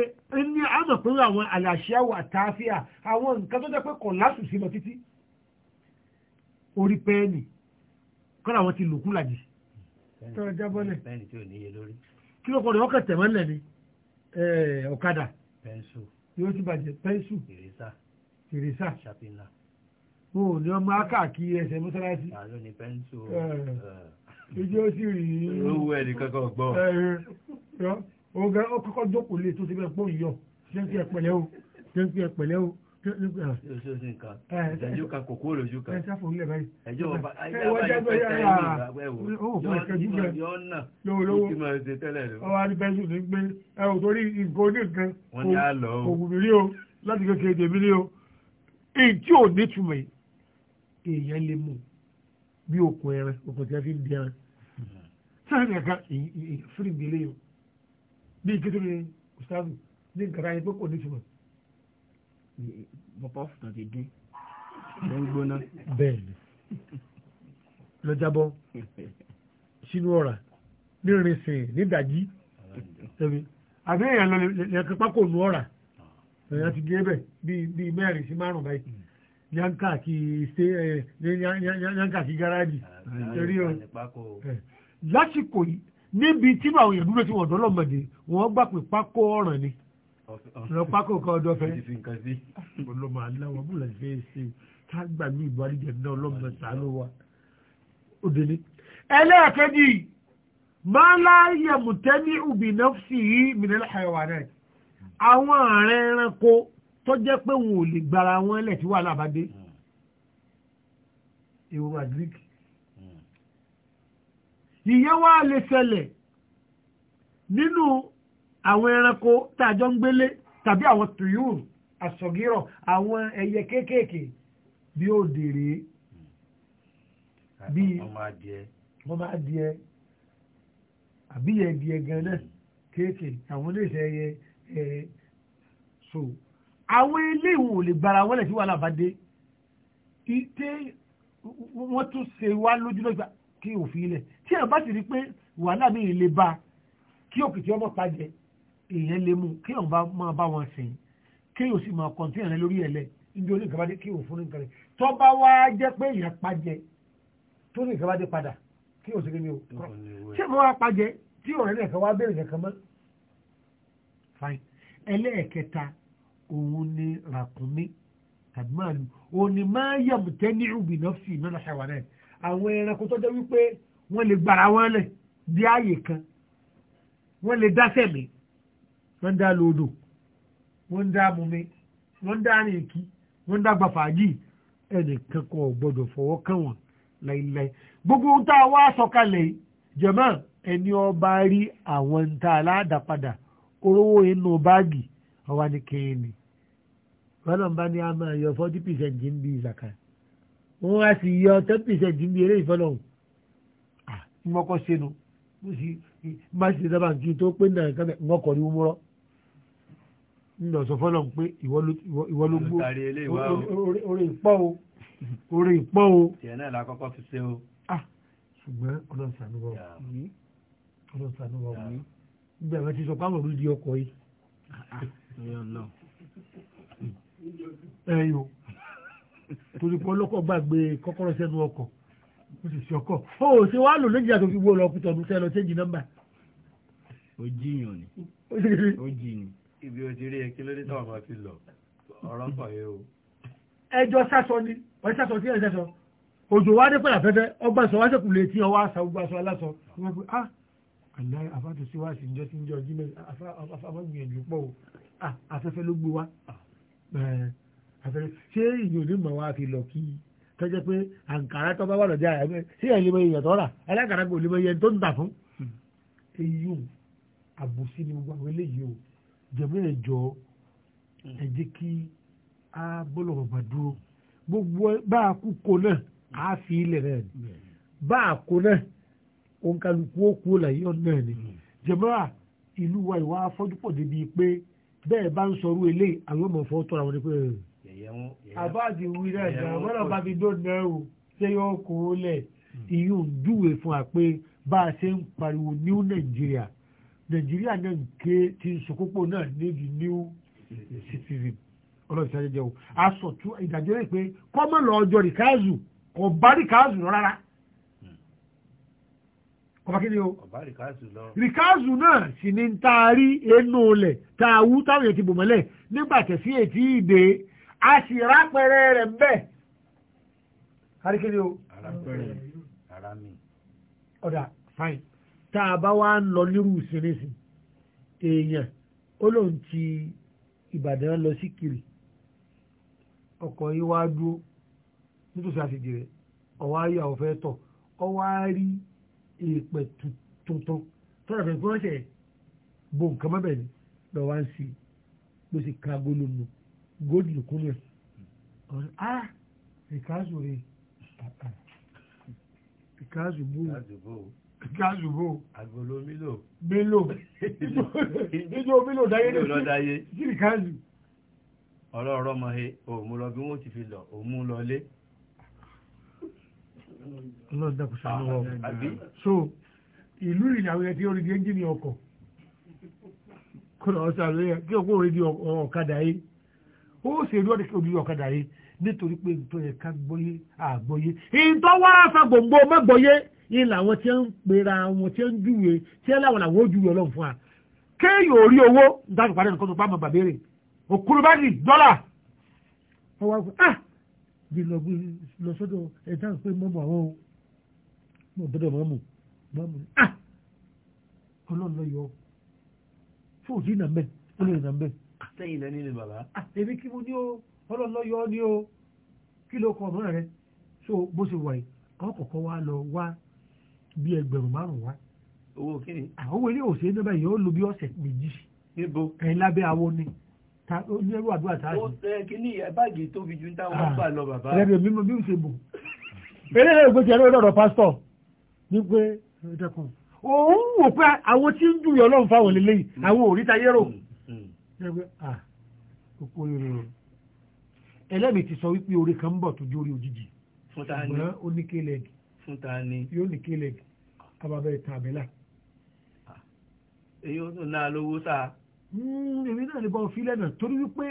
ní àmọ̀ pé àwọn àlàáṣíà wà tààfíà àwọn nǹkan tó jẹ́ pé kò lásùsí lọ títí orí pẹ́ẹ́nì kọ́nà àwọn ti lòkú làjì. tọ́lá jábọ́lẹ̀ pẹ́ẹ́nì tí ò níye lórí. kí ló kọ́ni ọkọ̀ tẹ̀mọ́lẹ̀ ni ọ̀kadà pẹ́ńsù yóò ti bàjẹ́ pẹ́ńsù ìrìsà ìrìsà ṣàfihàn. o ní ọmọ akáàkiri ẹsẹ̀ mọ́sálásí. àlọ́ ni pẹ́ńsù ìjọ sì rí owó ẹnìkan kan gbọ́ ọgá ọkọ̀kọ́ jókòó lè tó ti bẹ́ẹ̀ pọ́n yọ ṣé ń fi ẹ̀pẹ̀lẹ́ o ṣé ń fi ẹ̀pẹ̀lẹ́ o ẹjọ́ ka kòkó lójú kan ẹjọ́ fòrí lẹ̀ báyìí ẹjọ́ ọba ayé abáyé pẹ̀tẹ́ ìlú ìwò yọ ọ̀nà tí mo ṣe tẹ́lẹ̀ rẹ̀. ọwọ́ adébẹ́sù ní gbé ẹ ò torí nǹkan oníkan òwúrò rí o láti kékeré dèmí rí o èyí tí ò ní túmọ̀ èèyàn lè mú un bí okùn ẹran okùn tí a fi ń di ẹran sáà ní ẹ̀ka fún ìgbélé yìí bí kékeré ọ̀sáàbù ní nkàrà yẹn pé kò ní túmọ̀. bọ́pọ̀ fún ti dín ló ń gbóná. bẹ́ẹ̀ ni lọ́jàbọ̀ sínú ọ̀rà ní rìnsìn ní dàjí àbẹ́yẹn lọ lẹ́kẹ́pá kò nú ọ̀rà ẹ̀yà ti gé bẹ̀ bíi mẹ́rin sí márùn-ún báyìí. Eh, yanka kí gáràjì ah, torí o eh, lásìkò yìí níbi tí àwọn èèyàn dúró tí wọ́n dọ́lọ́mọdé wọ́n gbà pé pákó ọ̀ràn ni lọ pákó kan ọdọ fẹ olómọ aláwọ búlọ ṣe é ṣe ká gbà ìbò àdìjẹ náà ọlọmọ sàánú wa òdèlé. ẹlẹ́ẹ̀kejì máa ń láyẹ̀ mùtẹ́ni ubìnà sí i mìíràn àìwà rẹ̀ àwọn ààrẹ ẹranko tó jẹ́ pé wọn ò lè gbara wọn lẹ̀ tí wàhálà bá dé èwo wà greek ìyẹn wá lè ṣẹlẹ̀ nínú àwọn ẹranko tàjọ ń gbélé tàbí àwọn tuyur àsọ̀gírọ̀ àwọn ẹyẹ kéékèèké bí ó dèrè bí wọ́n máa díẹ̀ àbí díẹ̀ gan náà hmm. kéèké àwọn oníṣẹ́ ẹyẹ ẹ̀ so àwọn ilé ìwò lè gbara wọ́lẹ̀ sí wàhálà bá dé ìté wọ́n tún ṣe wá lójúlọ́gbà kí òfin ilẹ̀ tí ẹ̀ bá sì rí pé wàhálà mi lè ba kí òkè tí ọmọ pa jẹ èèyàn lè mú kí òun máa bá wọn sìn kí òun sì máa kọ̀ǹtì rẹ lórí ẹ̀lẹ́ ibi orí nǹkan bá dé kí òun fún nǹkan rẹ tó bá wá jẹ́ pé èèyàn pa jẹ tó ní nǹkan bá dé padà kí òun sì kí ni o tí ẹ̀ máa pa jẹ tí ọ̀rẹ́ nìkan wá bẹ̀rẹ̀ nǹkan mọ́ fine ẹlẹ́ẹ̀kẹta òun ni ràkúnmí tàbí màálù òun ni máa yàmù tẹ́ni ìrùbìnà fi ìnáná ṣàwà náà àwọn ẹranko tó jẹ́ wípé wọ́n lè gbàrà wọn lẹ̀ bí ààyè kan wọ́n lè dá sẹ̀mí wọ́n ń dá lódò wọ́n ń dá mumi wọ́n ń dá rìnkì wọ́n ń dá gbàfàájì ẹnìkan kò gbọ́dọ̀ fọwọ́ kàn wọ́n láíláí gbogbo ohun tá a wá sọ̀kalẹ̀ jẹ̀mọ́ ẹni ọba rí àwọn ń ta aládàpadà orówó inú báàgì ọwá ní kéènì bọ́lọ̀n bá ní a máa yọ forty percent ń bi ìsàkà wọ́n á sì yọ ten percent ń bi eré ìfọlọ́hùn mọ́kọ́ sínú mo sì má sì dábàá kí n tó pé náà nǹkan bẹ́ẹ̀ wọ́n kọ̀ ní wúmúrọ́ ńlọ sọ fọlọ́n pé ìwọ ló gbó orí ìpọ́ o orí ìpọ́ o. tiẹ̀ náà la kọ́kọ́ fi ṣe o. ṣùgbọ́n ọlọ́sàn-án wọ̀ ọlọ́sàn-án wọ̀ nígbà wọn ti sọ pé àwọn olùdí ọkọ̀ yìí ẹyọ torí pé ọlọ́kọ̀ gbàgbé kọ́kọ́rọ́ sẹ́nu ọkọ̀ ó sì ṣọkọ̀ ó ṣe wàá lò lójijì àti òfìwò lọ pítọ̀ ọdún sẹ́lọ ṣéjì nọ́mbà. o jiyàn ni O jì ni ibi òjì rí ẹ kí ló dé táwọn máa fi lọ ọ̀rọ̀ pọ̀ yẹ o. ẹjọ́ sásọ ni ọ̀rẹ́ sásọ sí ẹ̀ sásọ òjò wa dé pẹ̀lú àfẹ́fẹ́ ọgbà sọ wá sẹ́kù létí ọwọ́ àṣà gbogbo aṣọ aláṣọ wọ́n fi ah àná àfàtúnṣe wá sí ìjọ sí ìjọ jí mẹ́rin àfàgbìyànjú pọ̀ o àfẹ́fẹ́ ló gbé wa àfẹ́rẹ́ ṣé ìyẹn ò ní mọ̀ wá fi lọ kí tọ́jẹ́ pé àǹkárá tó bá wà lọ́jà ẹgbẹ́ sí ẹ̀ lébẹ́ ìyẹn tó rà alákàrà kò lébẹ́ ìyẹn tó ń tà fún. Hmm. eyín o àbòsí ni gbogbo àwọn eléyìí o jẹ̀mú ẹ̀ jọ hmm. ẹ jẹ́ kí á bọ́lọ̀ bàbá dúró gbogbo bá a kú ko náà á fi ilẹ̀ náà ni hmm. bá a kó náà òǹkàlùkù ó kú ó là yí náà ni jẹ̀mú à ìlú wa ìwà afọ́júpọ̀ débi pé bẹ́ẹ̀ bá ń sọrú ilé àwọn ọmọ fọ́ tọ́ra wọn ni pé hmm. àbáàdì wí rẹ̀ gan wọ́n náà bá fi dóná o ṣé yóò kó o lẹ̀ hmm. ìyún dùwẹ̀ fún wa pé bá a ṣe ń pariwo new Nigeria Nigeria náà ké ti sòkópò náà níbi new citizen ọlọ́run ṣáájú jẹun aṣọ tún ìdájọ́ rẹ̀ pé kọ́mọ̀lọ́ ọjọ́ rìkáàzù kò bá rìkáàzù rárá ọba kí ni o ríkàzù náà sì ni ń taari ẹnu olẹ̀ tààwú táwọn èèyàn ti bò mọ́lẹ̀ nígbà tẹ̀sí ètí ìdè a sì rápẹrẹ rẹ̀ bẹ́ẹ̀ kárí kí ni o. ọ̀dà fine tá a bá wá ń lọ nírú ìsinmi èèyàn ó lóun ti ìbàdàn lọ sí kiri ọkọ̀ yìí wá dúró nítòsí àṣejì rẹ̀ ọ̀wá ayé àwọn fẹ́ tọ̀ ọ̀wá rí èèpẹ̀ tuntun tọ́lá fẹ́ fún ọ̀sẹ̀ bo nǹkan mọ́ ni lọ́ọ́ wá ń sí bó ṣe ka góòlù nù góòlù lùkún rẹ̀ ọ̀rẹ́ a ìkáàzù rẹ̀ ìkáàzù bò ìkáàzù bò àgbòlò mílò mílò níjó mílò dáyé ní sí ìkáàzù. ọ̀rọ̀ ọ̀rọ̀ mọ̀ he òun lọ bí wọ́n ti fi lọ òun lọ lé ọlọ́dàkùsà ló wọ̀ so ìlú ìyàwó yẹn tí ó rí di ẹ́ńjìnì ọkọ̀ kọ́nà ọ̀sán ló yẹ kí ọkọ̀ rí di ọ̀kadà yìí ó sì rí ọ̀dẹ̀kẹ́ òdi ọ̀kadà yìí nítorí pé nítorí yẹ ká gbọ́yé àgbọ́yé ìtọ́ wá fa gbòǹgbò má gbọ́yé yìí làwọn tí ń pera wọn tí ń júwe tí ń láwọn làwọn ó júwe ọlọ́run fún wa kéèyàn ò rí owó dáàbò padà nǹkan tó bá mọ bàbá rè òkúrú bá di dọ́là wọ́n wá fún ah bí lọ bí lọ sọ́dọ̀ ẹ̀dá pé mọ́mù àwọn o mọ̀ bọ́dọ̀ mọ́mù mọ́mù ni ah ọlọ́run lọ yọ fóòtì nà mbẹ ó lè nà mbẹ. sẹ́yìn lẹ́ni ni bàbá. Ah! èmi kí mo ní o ọlọ́run lọ yọ ní o kí ló kọ ọmọ rẹ so bó ṣe wà yìí àwọn kọ̀ọ̀kan wa lọ wá bí ẹgbẹ̀rún márùn-ún wa. owó kí ni. àwọn ah, owó ilé òsè náà báyìí ó lo bí ọ̀sẹ̀ méjì. níbo. ẹ̀ lábẹ́ àwọn ni ó lérò àdúrà táàdì. a ṣe kí ní báàgì tóbi ju táwọn àgbà lọ bàbá. Ah, ẹ̀rẹ́ mi mọ bí n ṣe bò. eré lè gbé tiẹ̀ lọ́dọ̀ pásítọ̀ ní pé ẹ̀ẹ́dẹ́kùn. òun wò pé àwọn tí ń júwe ọlọ́run fáwọn lélẹ́yìn hmm. àwọn òríta yẹ́rò. Hmm. Hmm. ẹlẹ́mìí ti sọ wípé oore kan ń bọ̀ tó jórí òjijì. fún ta ni ó ní kéleg. fún ta ni yóò ní kéleg ababẹ́ tàbílà. Ah. èyí ó tún náà lówó sáà. Hmm, èmi náà ní bọ́ fi lẹ́nà torí wípé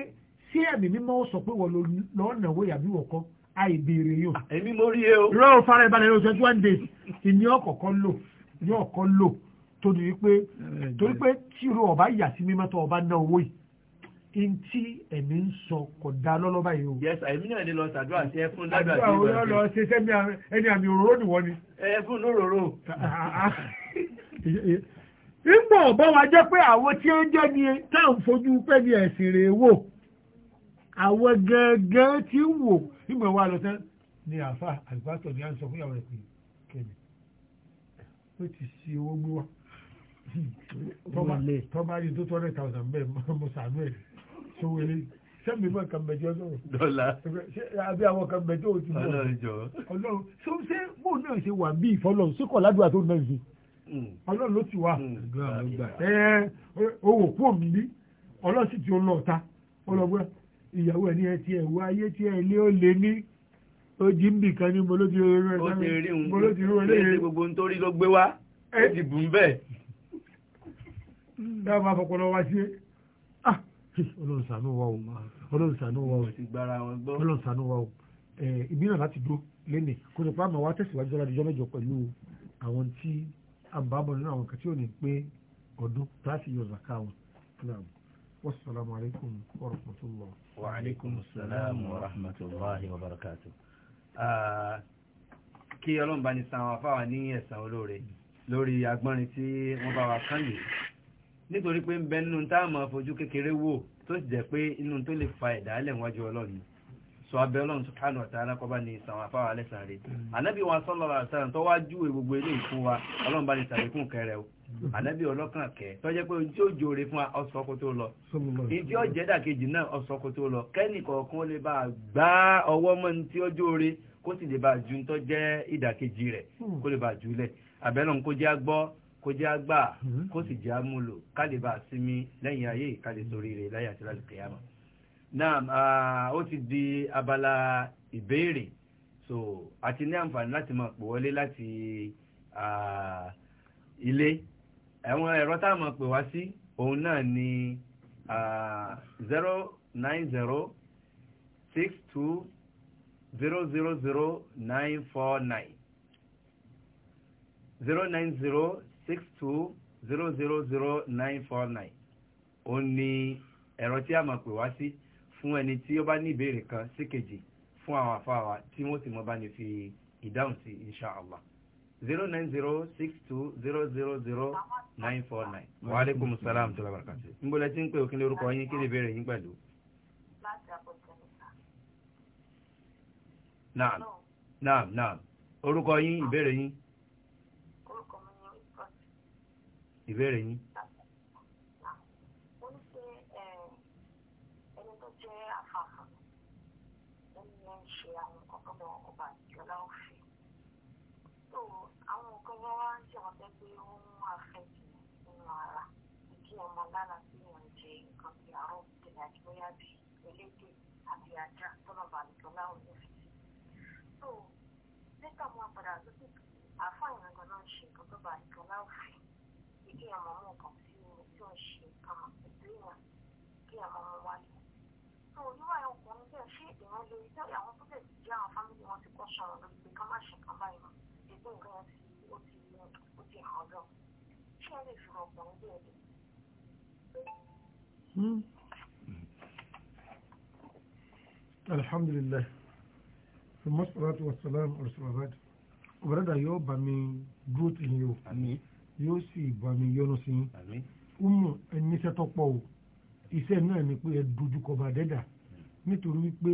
sí ẹ̀mí mímọ́ sọ pé wọ́n lọ́ọ̀nà wọ́ yàbí wọ̀kọ́ àìbèrè yóò. Ah, èmi mo rí e o. rọ́ọ̀ fara ìbàdàn yóò twenty one days ìní ọ̀kọ̀ọ̀kọ́ lò ní ọ̀kọ́ lò eh, eh, torí wípé eh. torí pé tí irú ọba yà sí mímọ́ tó ọba ná owó yìí n ẹ̀mí ń sọ kò dá lọ́lọ́ba yìí o. yẹsà èmi náà ní lọ sàdúrà sí ẹ ládùúgbò àti ìwà nígbà ọ̀bọ̀ wa jẹ́ pé àwọn tí ó jẹ́ ni táwọn fojú pẹ́ ní ẹ̀sìn rẹ̀ wò àwọn gẹ́gẹ́ tí ń wò nígbà wa lọ ni àfa àgbàtọ̀ ni à ń sọ fún ìyàwó rẹ̀ pé kẹ́mi ó ti ṣe owó gbé wa tọ́ba yìí tó tọ́lẹ̀ tàwùsàn bẹ́ẹ̀ mo sànú ẹ̀ sówó ilé sẹ́mi fún ẹ̀ka mẹ́jọ sọ̀rọ̀ dọ́là àbí àwọn kan mẹ́jọ ò bọ̀ ọlọ́run ṣé bóun náà ṣe wà bí ìfọlọ́run ṣé kọ̀ ládùúgbà tó náà ṣe. Mm. ọlọ́run ló ti wà mm. ẹ owó kú òmí bí ọlọ́run sì ti ń lọ ọ̀ta ọlọ́gbọ́n ìyàwó ẹ̀ ní ẹ ti ẹ̀ wá ayé tí ẹ lé ó lé ní ojì ń bì kan ní mo ló ti rú ẹ mo ló ti rú ẹ léyìn gbogbo nítorí ló gbé wá ẹ ti bù ń bẹ̀. dáhùn máa fọpọlọ wá sí ah! ọlọ́run ṣàánú wa o ọlọ́run ṣàánú wa o ọlọ́run ṣàánú wa o ìbí náà láti dúró lẹ́nìí kó nípa àmọ́ wa tẹ̀síwájú lọ́dọ̀ ìjọ́ mẹ́jọ pẹ̀lú àwọn tí àbábọ̀ nínú àwọn kan tí ò ní pé ọdún láti yọ zaka wọn náà wasalaamu alaykum wa rahmatulah. wa alaykum salaam wa rahmatulahi wa barakatu. kí ọlọ́run bá ní san àwọn afáwà ní ẹ̀san olóore lórí agbọ́nrin tí wọ́n bá wa kán yìí nítorí pé ń bẹ nínú táwọn fojú kékeré wò tó sì jẹ́ pé inú tó lè fa ẹ̀dá lẹ̀ wájú ọlọ́run so abẹ́ ọlọ́run subhanahu wa ta'ala kọba ní ìsànwà fáwà alẹ́sàn rẹ̀ mm. anábì wọn sallallahu alaihi wasallam tó wá júwe gbogbo ilé ìfún wa ọlọ́run bá ní sàlékún kẹrẹ o anábì mm. ọlọ́kàn kẹ tó jẹ́ pé ojú òjò rẹ̀ fún ọsọ kó tó lọ ìdí ọ̀jẹ́dà kejì náà ọsọ kó tó lọ kẹ́nì kọ̀ọ̀kan lè bá gbá ọwọ́ mọ́ ní tí ọjọ́ rẹ̀ kó sì lè bá ju tó ìdàkejì rẹ̀ mm. kó lè bá ju lẹ̀ abẹ́lọ́n kó jẹ́ gbọ́ kó jẹ́ àgbà kó sì jẹ́ àmúlò ká lè bá sinmi lẹ́yìn ayé ká lè sórí rẹ̀ láyé àti lálùkẹ́yàmọ́ naam ah, ó ti di abala ìbéèrè so àti ní àǹfààní láti máa pè wọlé láti ah, ilé àwọn ẹ̀rọ tá a máa pè wá sí òun náà ni ah, zero nine zero six two zero zero zero nine four nine zero nine zero six two zero zero zero nine four nine òun ni ẹ̀rọ tí a máa pè wá sí. Si fún ẹni tí ó bá ní ìbéèrè kan sí kejì fún àwọn àfáàwà tí wọ́n sì mọ́ bá ní fi ìdáhùn sí inṣàlá 09062000949 wa alaikum salam tó lábàrà ń bọ́lẹ̀ tí ń pè òkín lórúkọ yín kí lè béèrè yín pẹ̀lú. naam naam naam orúkọ yín ìbéèrè yín. orúkọ mi ni ìbéèrè yín. ọmọ lára tí mò ń jẹ nǹkan bí àárọ̀ tẹ̀lé àti bóyá bí elédè àti ajá tọ́lọ̀ bàlùkọ́ láwọn òfin. so nígbà wọn padà tó sì àfáà ìrìn kan náà ń ṣe nǹkan tó bàlùkọ́ láòfin kí ọmọ mú nǹkan tí ó ń ṣe nǹkan pẹ̀lú ìwà kí ọmọ mú wáyé. so oníwà ọkùnrin bẹ́ẹ̀ ṣé èèyàn lè rí tẹ́lẹ̀ àwọn tó bẹ̀rẹ̀ jẹ́ àwọn fámìlì wọn ti kọ́ sọ̀rọ̀ lórí pé ká má ṣe nǹkan báyìí mọ́ ètò nǹkan yẹn ti ó ti hàn gan. ṣé ẹ lè fi ọkùnrin bẹ́ẹ̀ lè Hmm. alhamdulillah ṣùgbọ́n sọ́látù wasalam ọ̀rọ̀sọ̀lọ́bàdì ọ̀bẹ̀rẹ̀dà yóò bá mi dúró tì yín o yóò sì bá mi yọ́nú sí yín umu ẹnisẹ́ tọ́pọ̀ o iṣẹ́ náà ni pé ẹ dojúkọ bá dẹ́dà hmm. nítorí wípé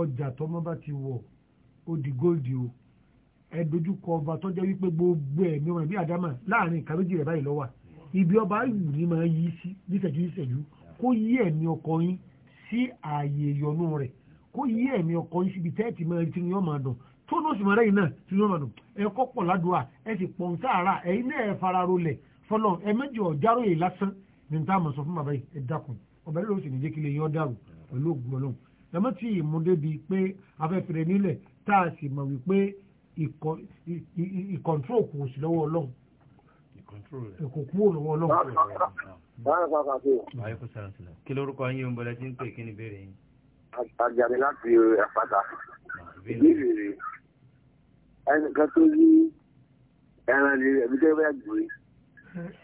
ọjà tọ́mọ bá ti wọ̀ ó di góòdì o ẹ dojúkọ ọba tọ́jọ́ wípé gbogbo ẹ̀mí wọn bí àdámà láàrin ìkàwé jìrẹ̀ báyìí lọ́wọ́ à ibi ọba ìlú ni máa yí sí níṣẹ́jú níṣẹ́jú kó yí ẹ̀mí ọkọ yín sí ààyè ìyọnú rẹ̀ kó yí ẹ̀mí ọkọ yín síbi tẹ́ẹ̀tì máa rí tí yọ́n máa dùn tó ní oṣù mọ́lẹ́yìn náà tí yọ́n máa dùn ẹ kọ́ pọ̀ ládùúà ẹ sì pọ̀ nsáàrà ẹ̀yin náà ẹ fara rolẹ̀ fọlọ́ ẹ mẹ́jọ járó yìí lásán ní n táà mọ̀ sọ fún bàbá yìí ẹ dákun ọ̀bẹ lóòsì ní jẹ́ kí lè yọ́ dàrú pẹ̀lú ògùn ọlọ́run ẹmọ tí ìmúdé bíi pé ọlọ́run èkó kúrò lọ́wọ́ ọlọ́run. kí lórúkọ yín ń bọ̀lẹ́ tí ń pè kí ni ìbéèrè yín. àjàre láti àpáta ìbéèrè ẹnìkan tó yí ẹran ní ẹbí tẹ́ bá gbé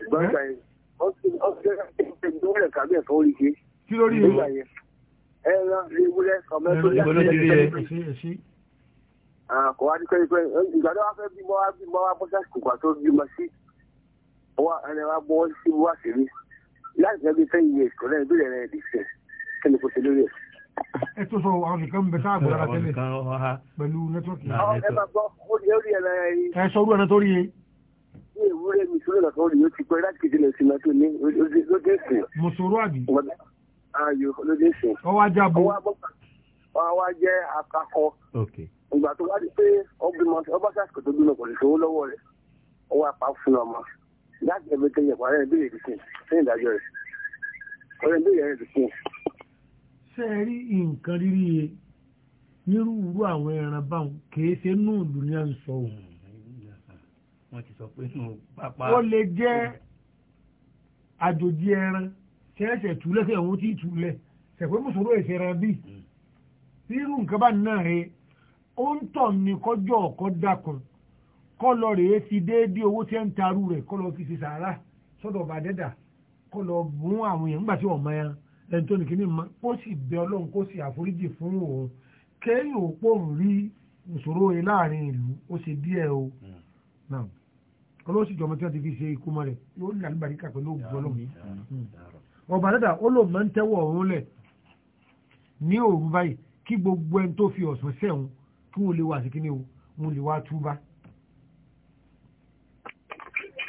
ìgbọ́n ìgbà yẹn ọ̀sẹ̀ ìgbọ́n ìkàbí ẹ̀fọ́ orí ṣe. kí lórí ìwọ ẹran ewúrẹ́ ọmọ ẹgbẹ́ ìgbàlódé kò wá ní pẹ́ pẹ́ ìgbàlódé fẹ́ bímọ wá bímọ wá bọ́sẹ̀ kò wa ẹni wa gbọ́ sí wa sí rí láti ṣe bí ten years kò lẹ́yìn ìbílẹ̀ rẹ̀ di ṣe kí ni kò ṣe lórí ẹ̀. ẹ tó sọ àwọn nìkan bẹ sáà gbọ́dọ̀ àti ẹlẹ pẹ̀lú nẹ́tíwọ́kì. ẹ máa gbọ́ ó di orí ẹ̀rọ yìí. ẹ sọ orú ẹ̀rọ tó rí e. ní ìwúrẹ́ mi sórí ọ̀nà kan rí o e, ti pẹ́ láti kejì lọ sí ma tó ní lóde sùn. mùsùlùmí àbí. ayò lóde sùn. ọwọ́ ajá bo. ọwọ́ ajẹ́ akakọ. ìgbà tó wá di pé ọgbìmọ̀ ọbaṣàkó tó gbìmọ̀ pọ̀ láti ẹ̀mí kẹyìn ndị ndị nǹkan rírí e nírúurú àwọn ẹran báwọn kìí ṣe nù ìlú ní à òun. ó lè jẹ́ àjòjì ẹran ṣẹ́ẹ̀ṣẹ̀ túlẹ̀ sí ẹ̀wọ̀n tí túlẹ̀ ṣẹ̀pẹ́ mùsùlùmí ẹ̀ṣẹ̀ ẹran hmm. nǹkan kọ́ lọ rèé fi déédé owó tí ẹ ń tarú rẹ̀ kọ́ lọ fi ṣe sàárà sọ́dọ̀ ọba dẹ́dà kọ́ lọ mú àwọn èèyàn nígbà tí wọ́n mọ ẹ ẹni tó ní kíní mọ́ kó sì bẹ ọlọ́run kó sì àforíjì fún òun kéèyàn ò pòrò rí ìṣòro rẹ láàrin ìlú ó ṣe díẹ̀ o náà ọlọ́run sì jọmọ tí wọ́n ti fi ṣe ikú mọ́ rẹ̀ yóò ní àlùbáríkà pẹ̀lú òògùn ọlọ́run ọba dẹ́dà ó lò máa ń tẹ́wọ̀ ọ̀run lẹ̀ ní òru báyìí kí gbogbo ẹni tó fi ọ̀sán sẹ́wọ̀n kí wọ́n lè wá sí kíní o wọ́n lè wá túbá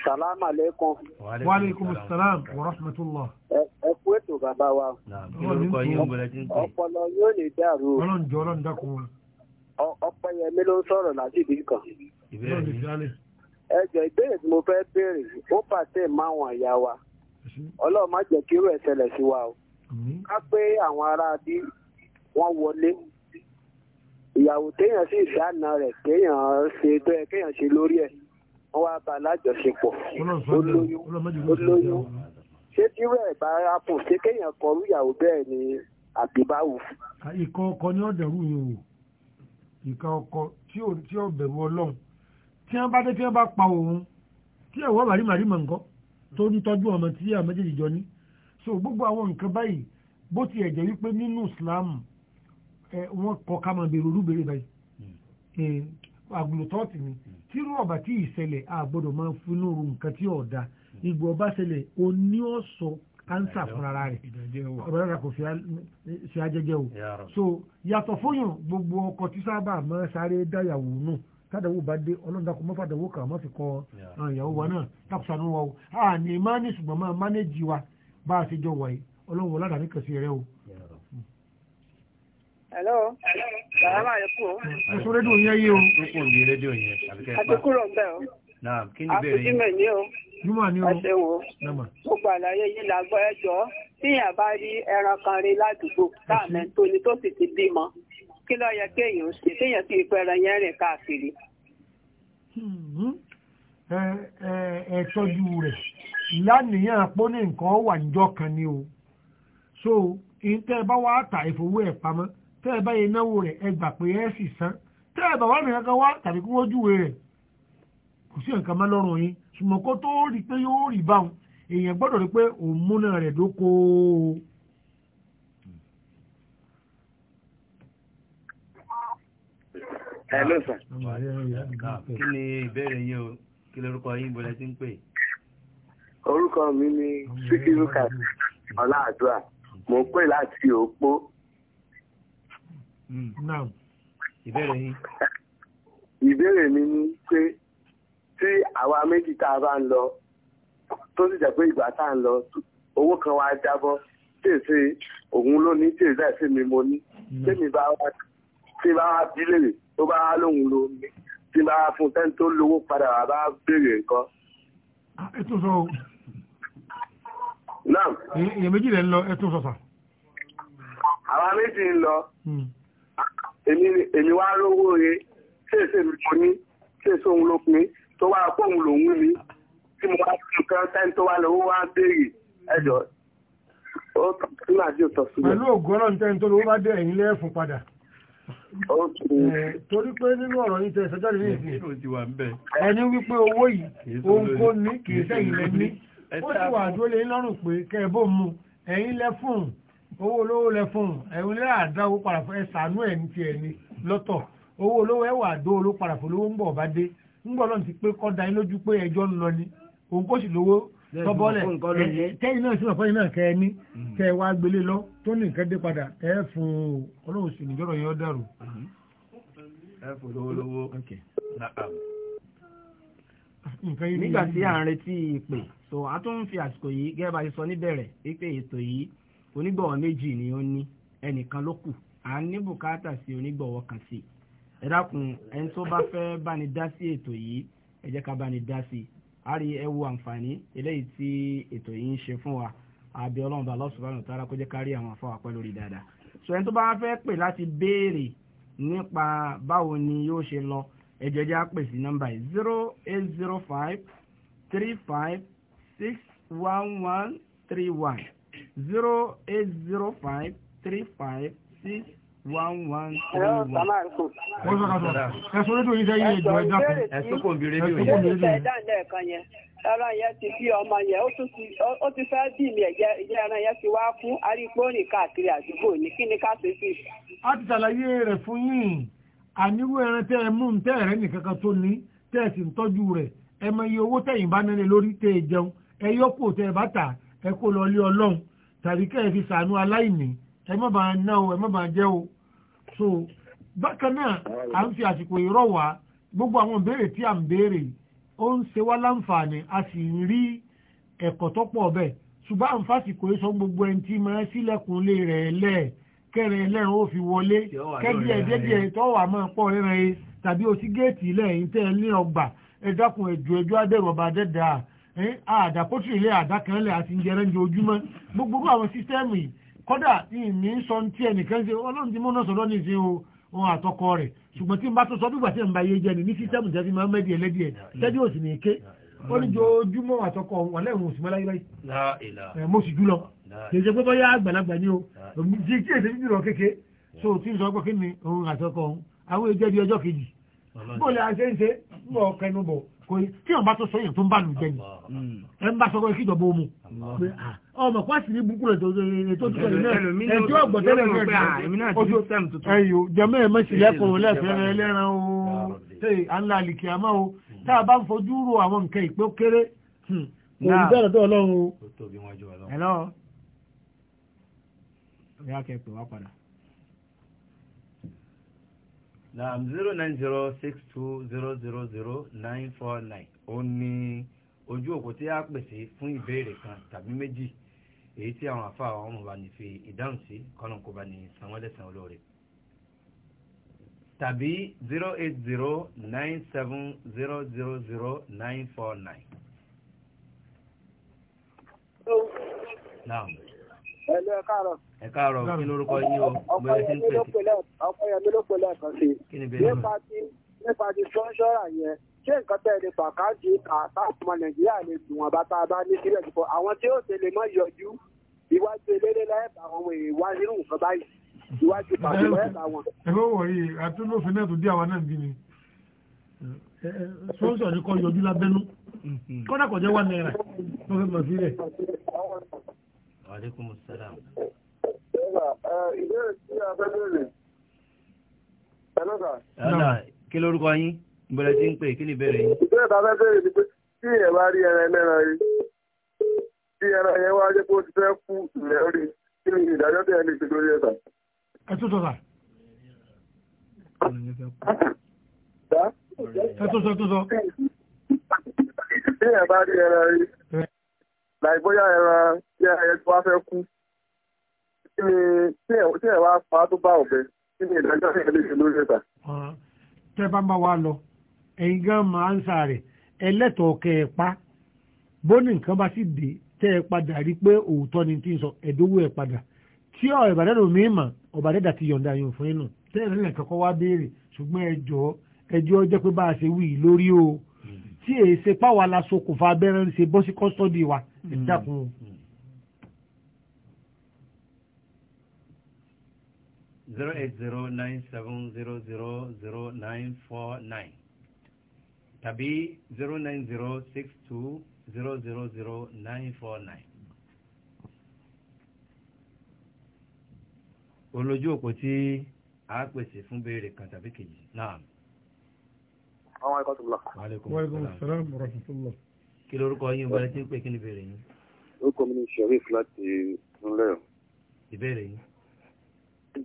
Salaam alaikum. Wa alaikum salam wa rahmatullah. Ẹ kú ètò bàbá wa. Ọpọlọ yóò lè dàrú. Ọlọ́run jọ ọlọ́run dákun wa. Ọpẹ́yẹmí ló ń sọ̀rọ̀ láti ibì kan. Ẹjọ̀ ìbéèrè tí mo fẹ́ béèrè, ó pàṣẹ máwọn àyà wa. Ọlọ́run má jẹ́ kí irú ẹ̀ ṣẹlẹ̀ sí wa o. Ká pé àwọn ará bí wọ́n wọlé ìyàwó téèyàn sì ṣáàna rẹ̀ téèyàn ṣe tó yẹ kéèyàn ṣe lórí ẹ̀ wọ́n wá bá alájọṣepọ̀ olóyún olóyún ṣé tírú ẹ̀ bá rápò ṣé kéèyàn kọrú ìyàwó bẹ́ẹ̀ ni àbí báwo. ìkan ọkọ ni ọ̀dẹ̀rú yẹn o ìkan ọkọ tí ò bẹ̀rù ọlọ́run tí wọ́n bá dé tí wọ́n bá pa òun tí ẹ̀wọ́ bàrí màrí mọ̀ nǹkan tó ń tọ́jú ọmọ tí àwọn méjèèjì jọ ní so gbogbo àwọn nǹkan báyìí bó ti ẹ̀jẹ̀ wípé nínú Islam wọ́n kọ ká máa bèrè olúbèrè báyìí hmm. àgùlùtọ́ọ̀tì ni. Hmm tírú ọ̀bà tí ìṣẹ̀lẹ̀ àgbọ̀dọ̀ máa fún un nǹkan tí ọ̀dà ìgbò ọba ṣẹlẹ̀ oní ọ̀sọ̀ ansa fúnra rẹ̀ ọ̀rọ̀ rẹ̀ kò fi ajẹ́jẹ́ o so yàtọ̀ fóyàn gbogbo ọkọ̀ tí sábà máa sáré dáyàwó nù tádàwó bá dé ọlọ́dàkùn mọ́fàdàwó kà má fi kọ ìyàwó wa náà tàbùsànù wa o àní má ní ṣùgbọ́n máa mánéjì wa bá a ṣe jọ wáyé ọlọ́run ọ̀làdàní kẹsì rẹ o Hello. Sàlámà ẹ̀kú o. Àtúntò rédíò yẹn yé o. Púpọ̀ ní rédíò yẹn. Àtikúrò ń bẹ̀ o. Náà kí ni bẹ̀rẹ̀ yẹn? Àfijúmọ̀ ni o. Júmọ̀ ni o. Ẹ̀sẹ̀ wo? Gbogbo àlàyé yìí là gbọ́ ẹjọ́. Tíyàn bá rí ẹran kan rí ládùúgbò táàmẹ́ tó ni tó sì ti bímọ. Kí ló yẹ kéèyàn ṣe téèyàn sì pẹ́ ẹran yẹn rìn káàkiri? Hmm. Ẹ tọ́jú rẹ̀ lánìyàn àpó ní nǹkan wà níjọ́ kan ni o. So, ìtẹ́ bá wá ta ìfowó ẹ̀ pamọ́ tẹ́ ẹ báyìí náwó rẹ̀ ẹ gbà pé ẹ sì san tẹ́ ẹ bàbá mi kankan wá tàbí kí wọ́n júwe rẹ̀ kò sí nǹkan mọ́ lọ́rùn yín ṣùgbọ́n kó tó rí pé yóò rí báwọn èèyàn gbọ́dọ̀ rí pé òun múná rẹ̀ dóko. ẹ ló sàn. kí ni ìbéèrè yín o kí lorúkọ yín bọ̀lẹ́ tí ń pè. orúkọ mi ni síkírù kàdí ọlá àdúrà mo pè láti òpó naam mm. ìbéèrè yín. ìbéèrè mi ni pé tí àwa méjì tá a bá ń lọ tó sì jẹ́ pé ìgbà tá a ń lọ owó kan wá jábọ́ tèèsè òun ló ní tèèsè àìsè mi mo ní mm. tèmi bá wá tí bá wá bí tó bá wá lóhun ló ní tí bá wá fún tẹ́ni tó lówó padà wà bá béèrè nǹkan. Ah, ẹ tún sọ o. naam. èèyàn méjì lè ń lọ ẹ tún sọ sà. àwa méjì ń lọ. Mm èmi wá rówó re ṣèṣe mi mo ní ṣèṣe òun ló fún mi tó wá pòun lòún mi tí mo wá fún nǹkan táyì tó wá lówó wá béèrè ẹjọ́ ó tún náà jù tọ sílẹ̀. pẹ̀lú ògùn ọlọ́run tẹ́ni tó lówó bá dé ẹ̀yìn lẹ́ẹ̀fún padà torí pé nínú ọ̀rọ̀ yìí tẹ̀sẹ̀ jáde ní ìsìn ẹni wípé owó yìí òun kò ní kìí sẹ́yìn lẹ́ni ó sì wà dúró lé lọ́rùn pé kẹ́ẹ̀bó mu ẹ̀yìn lẹ́fún owó olówó lẹ fún un ẹ̀hún lẹ́ àdáwó parafo fún ẹ sànú ẹ̀ ní tiẹ̀ ni lọ́tọ̀ owó olówó ẹ wà dó olówó padà fún olówó ń bọ̀ bá dé ń gbọ́ lọ́n ti pé kọ́ da yín lójú pé ẹjọ́ ń lọ ni òun kò sì lówó tọ́bọ́lẹ̀ tẹ́yìn náà sílọ̀ fẹ́yìn náà kẹ́ẹ̀ ní mm-hmm. kẹ́ ẹ wá gbélé lọ tó ní nǹkan dé padà ẹ fún un ọlọ́run sì níjọ́rọ̀ yẹn ó dàrú. Mm-hmm. Ah, nígbà tí à ń retí ìpè so a tún ń fi àsìkò yìí gẹ́gẹ́ bá ti sọ níbẹ̀rẹ̀ pípé ètò yìí onígbọ̀wọ́ méjì ni ó ní ẹnìkan ló kù à ń ní bùkátà sí onígbọ̀wọ́ kan sí ẹ dákun ẹni tó bá fẹ́ bá ní dá sí ètò yìí ẹ jẹ́ ká bá ní dá sí a rí ẹ àǹfààní eléyìí tí ètò yìí ń ṣe fún wa àbí ọlọ́run bá lọ́sùn bá nùtara kó jẹ́ ká rí àwọn afọ àpẹ́ lórí dáadáa so ẹni tó bá fẹ́ pè láti béèrè nípa báwo ni yóò ṣe lọ ẹ jẹ́ jẹ́ á pè sí nọ́mbà yìí zero eight zero five three five six one one three one zero eight zero five three five six one one three one. wọ́n sọ ká ẹ̀sùn rédíò yìí sẹ́yìn ìjọ ẹ̀dá kan ẹ̀sùn kò ń bi rédíò ẹ̀sùn kò ń bi rédíò yẹn. yẹn ti bí ọmọ yẹn ó ti fẹ́ bí mi ẹ̀jẹ̀ ìjẹ́ ẹran yẹn ti wá fún arígbóòrìn káàkiri àdúgbò ní kí ni ká ṣe sí. a ti ṣàlàyé rẹ̀ fún yín àníwó ẹran tẹ́ ẹ mú un tẹ́ ẹ̀rẹ́ nìkan kan tó ní tẹ́ ẹ sì ń tọ́jú rẹ̀ ẹ mọ iye owó tẹ̀yìn bá nílé lórí tẹ́ ẹ jẹun ẹ yọ́pò tẹ́ ẹ bá tà á ẹ kó lọ ilé ọlọ́run tàbí kẹ́ ẹ fi sàánú aláìní ẹ má bàa ná o ẹ má bàa jẹ́ o so bákan náà à ń fi àsìkò ìrọ̀ wá gbogbo àwọn ìbéèrè tí à ń béèrè ó ń ṣe wá láǹfààní a sì ń rí ẹ̀kọ́ tó pọ̀ bẹ́ẹ̀ ṣùgbọ́n àǹfààní kò sọ gbogbo ẹni tí máa sílẹ̀kùn lè rẹ̀ lẹ́ẹ̀ kẹrin ẹlẹ́rìn ó fi wọlé kẹ́bí ẹ̀dẹ́dẹ́ tó wà máa pọ̀ rẹ́rẹ́ tàbí o sí géètì lẹ́yìn tẹ́ ẹ ní ọgbà ẹ dákun ẹ̀jọ̀ ẹjọ́ adẹ́rọ̀bà dẹ́dàá àdá pọ́tù ilé àdá kan lẹ̀ àti ìjẹrẹ ń jẹ ojúmọ́ gbogbo àwọn sísẹ́ẹ̀mù yìí kọ́dà ìní sọ tí ẹnìkan ṣe ọlọ́run ti múná sọ̀rọ̀ ní ìsìn ohun àtọkọ rẹ̀ ṣùgbọ́n tí n bá tó sọ bígbà tí n bá yé jẹ ni ní sísẹ́ẹ̀mù tẹ́fí máa ń mẹ́dí ẹlẹ́díẹ̀ tẹ́dí òsì ní ké ó ní jojúmọ́ àtọkọ wà lẹ́hùn òsì mọ́láyé báyìí mo sì jùlọ kì í ṣe pé bọ́ yá àgbàlagbà ni o ti kí èsè bíbí rọ kéke so tí n sọ pé tí wọn bá tó sọ yẹn tó ń bá lu jẹ ni mm. ẹ ń bá sọ pé kí ìjọba omu ah, ọmọ kó àsìrí bukú rẹ tó tó tó tẹlẹ náà ẹ tí wọn gbọ́ tẹ́lẹ̀ rẹ ah, ojú ẹyọ jẹmọ ẹ mẹsì lẹkùn lẹfẹrẹ ẹlẹran o tẹ ànlá àlìkì àmọ́ o tá a bá ń fojú ro àwọn nǹkan ìpé kéré òun bẹ̀rẹ̀ tó Ọlọ́run o. ẹ lọ. ẹ yà wá padà naam zero nine zero six two zero zero zero nine four nine ó ní ojú òpó tí a pèsè fún ìbéèrè kan tàbí méjì èyí tí àwọn àfa àwọn ọmọ bá ní fi ìdáhùn sí kọ́nà kó bá ní sanwó-ẹlẹ́sàn olóore tàbí zero eight zero nine seven zero zero zero nine four nine. naam. ẹ lọ káàárọ̀ ẹ káàárọ̀ kí lórúkọ yín o ọmọ ẹ ti ń pèsè. ọkọ yẹn mi ló pè lẹ́ẹ̀kan sí i nípa ti sọ́ńsọ́rà yẹn ṣé nǹkan tẹ́ ẹ lè fàkáàdì kà táwọn ọmọ nàìjíríà lè dùn wọn bá tá a bá ní sílẹ̀ jùlọ àwọn tí ó tẹ̀lé mọ́ yọjú iwájú eléré lẹ́ẹ̀bà àwọn èèwà nínú nǹkan báyìí iwájú pàṣẹ lẹ́ẹ̀bà wọn. ẹ bá wọ̀ yìí àtúndòfin náà tó dé àwa náà bí ni sponsor ni kọ́ yọjú lábẹ́nú kọ́dà kọjá wà náírà tó fẹ́ mọ̀ sílẹ̀. Wa alaikum salaam ìbéèrè uh, tí a fẹ́ béèrè. ẹ̀lọ́ sà. ẹ̀lọ́ kí lórúkọ yín ìbẹ̀rẹ̀ tí ń pè kí ni ìbéèrè yín. ìbéèrè tá a fẹ́ béèrè ni pé tí ẹ̀ bá rí ẹran ẹlẹ́ran yìí tí ẹran yẹn wá jẹ́ pé ó ti fẹ́ kú ilẹ̀ orí kí ni ìdájọ́ tí ẹ lè ṣe lórí ẹ̀sà. ẹ tún sọ sà. ẹ tún sọ tún sọ. tí ẹ̀ bá rí ẹran yìí láì bóyá ẹran tí wá fẹ́ kú kí ni tí ẹ wá pa tó bá ọ̀bẹ kí ni ìdájọ́ ní ẹlẹ́sìn lórí ẹ̀ta. tẹ́ bá ń bá wa lọ ẹ̀yin gan máa ń sáré ẹlẹ́tọ̀ọ́ kẹ́ ẹ pa bóní nǹkan bá sì dé tẹ́ ẹ padà rí pé òótọ́ ni tí ń sọ ẹ̀dọ́wọ́ ẹ padà tí ọ̀ ìbàdàn mi mà ọ̀bàdàn ti yọ̀ǹda yòó fún inú tẹ́ ẹ lẹ́lẹ̀ kọ́kọ́ wá béèrè ṣùgbọ́n ẹ jọ̀ọ́ ẹjọ́ jẹ́ pé bá a ṣe wí lórí o mm-hmm. tí èyí ṣe páwa la ṣokùnfà abẹ́rẹ́ ń ṣe bọ́ sí kọ́sítọ́dì wa ẹ mm-hmm. dákun o. zero eight zero nine seven zero zero zero nine four nine tàbí zero nine zero six two zero zero zero nine four nine. olójú òpó tí a pèsè fún béèrè kan tàbí kejì náà. àwọn ẹ̀kọ́ tó lọ. wàlẹ́kùn sàlám rahmatulah. kí lorúkọ yín wọlé tí ń pè kí ni béèrè yín. orúkọ mi ni sheriff láti ìpínlẹ̀. ìbéèrè yín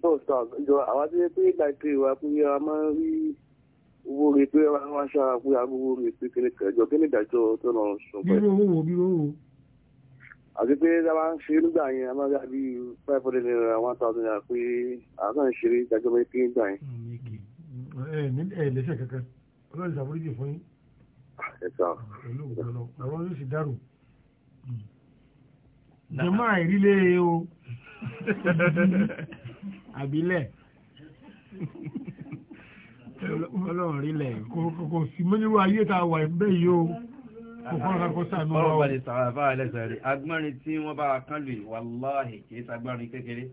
bọ́ọ̀sì àjọ àwa tó yẹ pé láìpẹ́ ìwà pé a máa ń rí owó rẹ̀ pé wọ́n á ṣára pé agbowó rẹ̀ pé kí ni kẹjọ kí ni ìdájọ́ tó lọ sùn pẹ́. bí owó wo bí owó wo. àti pé a máa ń ṣe nígbà yẹn a máa ń bí five hundred naira one thousand naira pé àwọn kan ń ṣeré ìdájọ́ bẹ́ẹ̀ pé nígbà yẹn. ẹ ẹ lẹ́sẹ̀ kankan ọlọ́run ṣàforíjì fún yín. ẹ sọ. àwọn yóò sì dárò jọmọ àìrílé e o. àbílẹ̀ ọlọ́run rí lẹ̀. kò sí mọ́nirú ayé tá a wà bẹ́ẹ̀ yìí o kò fọ́nra kó sànú wa. ọlọ́run balẹ̀ sàrà bá ẹlẹ́sẹ̀ rẹ̀ agbọ́nrin tí wọ́n bá kán lù wàláhì kì í sagbọ́nrin kékeré.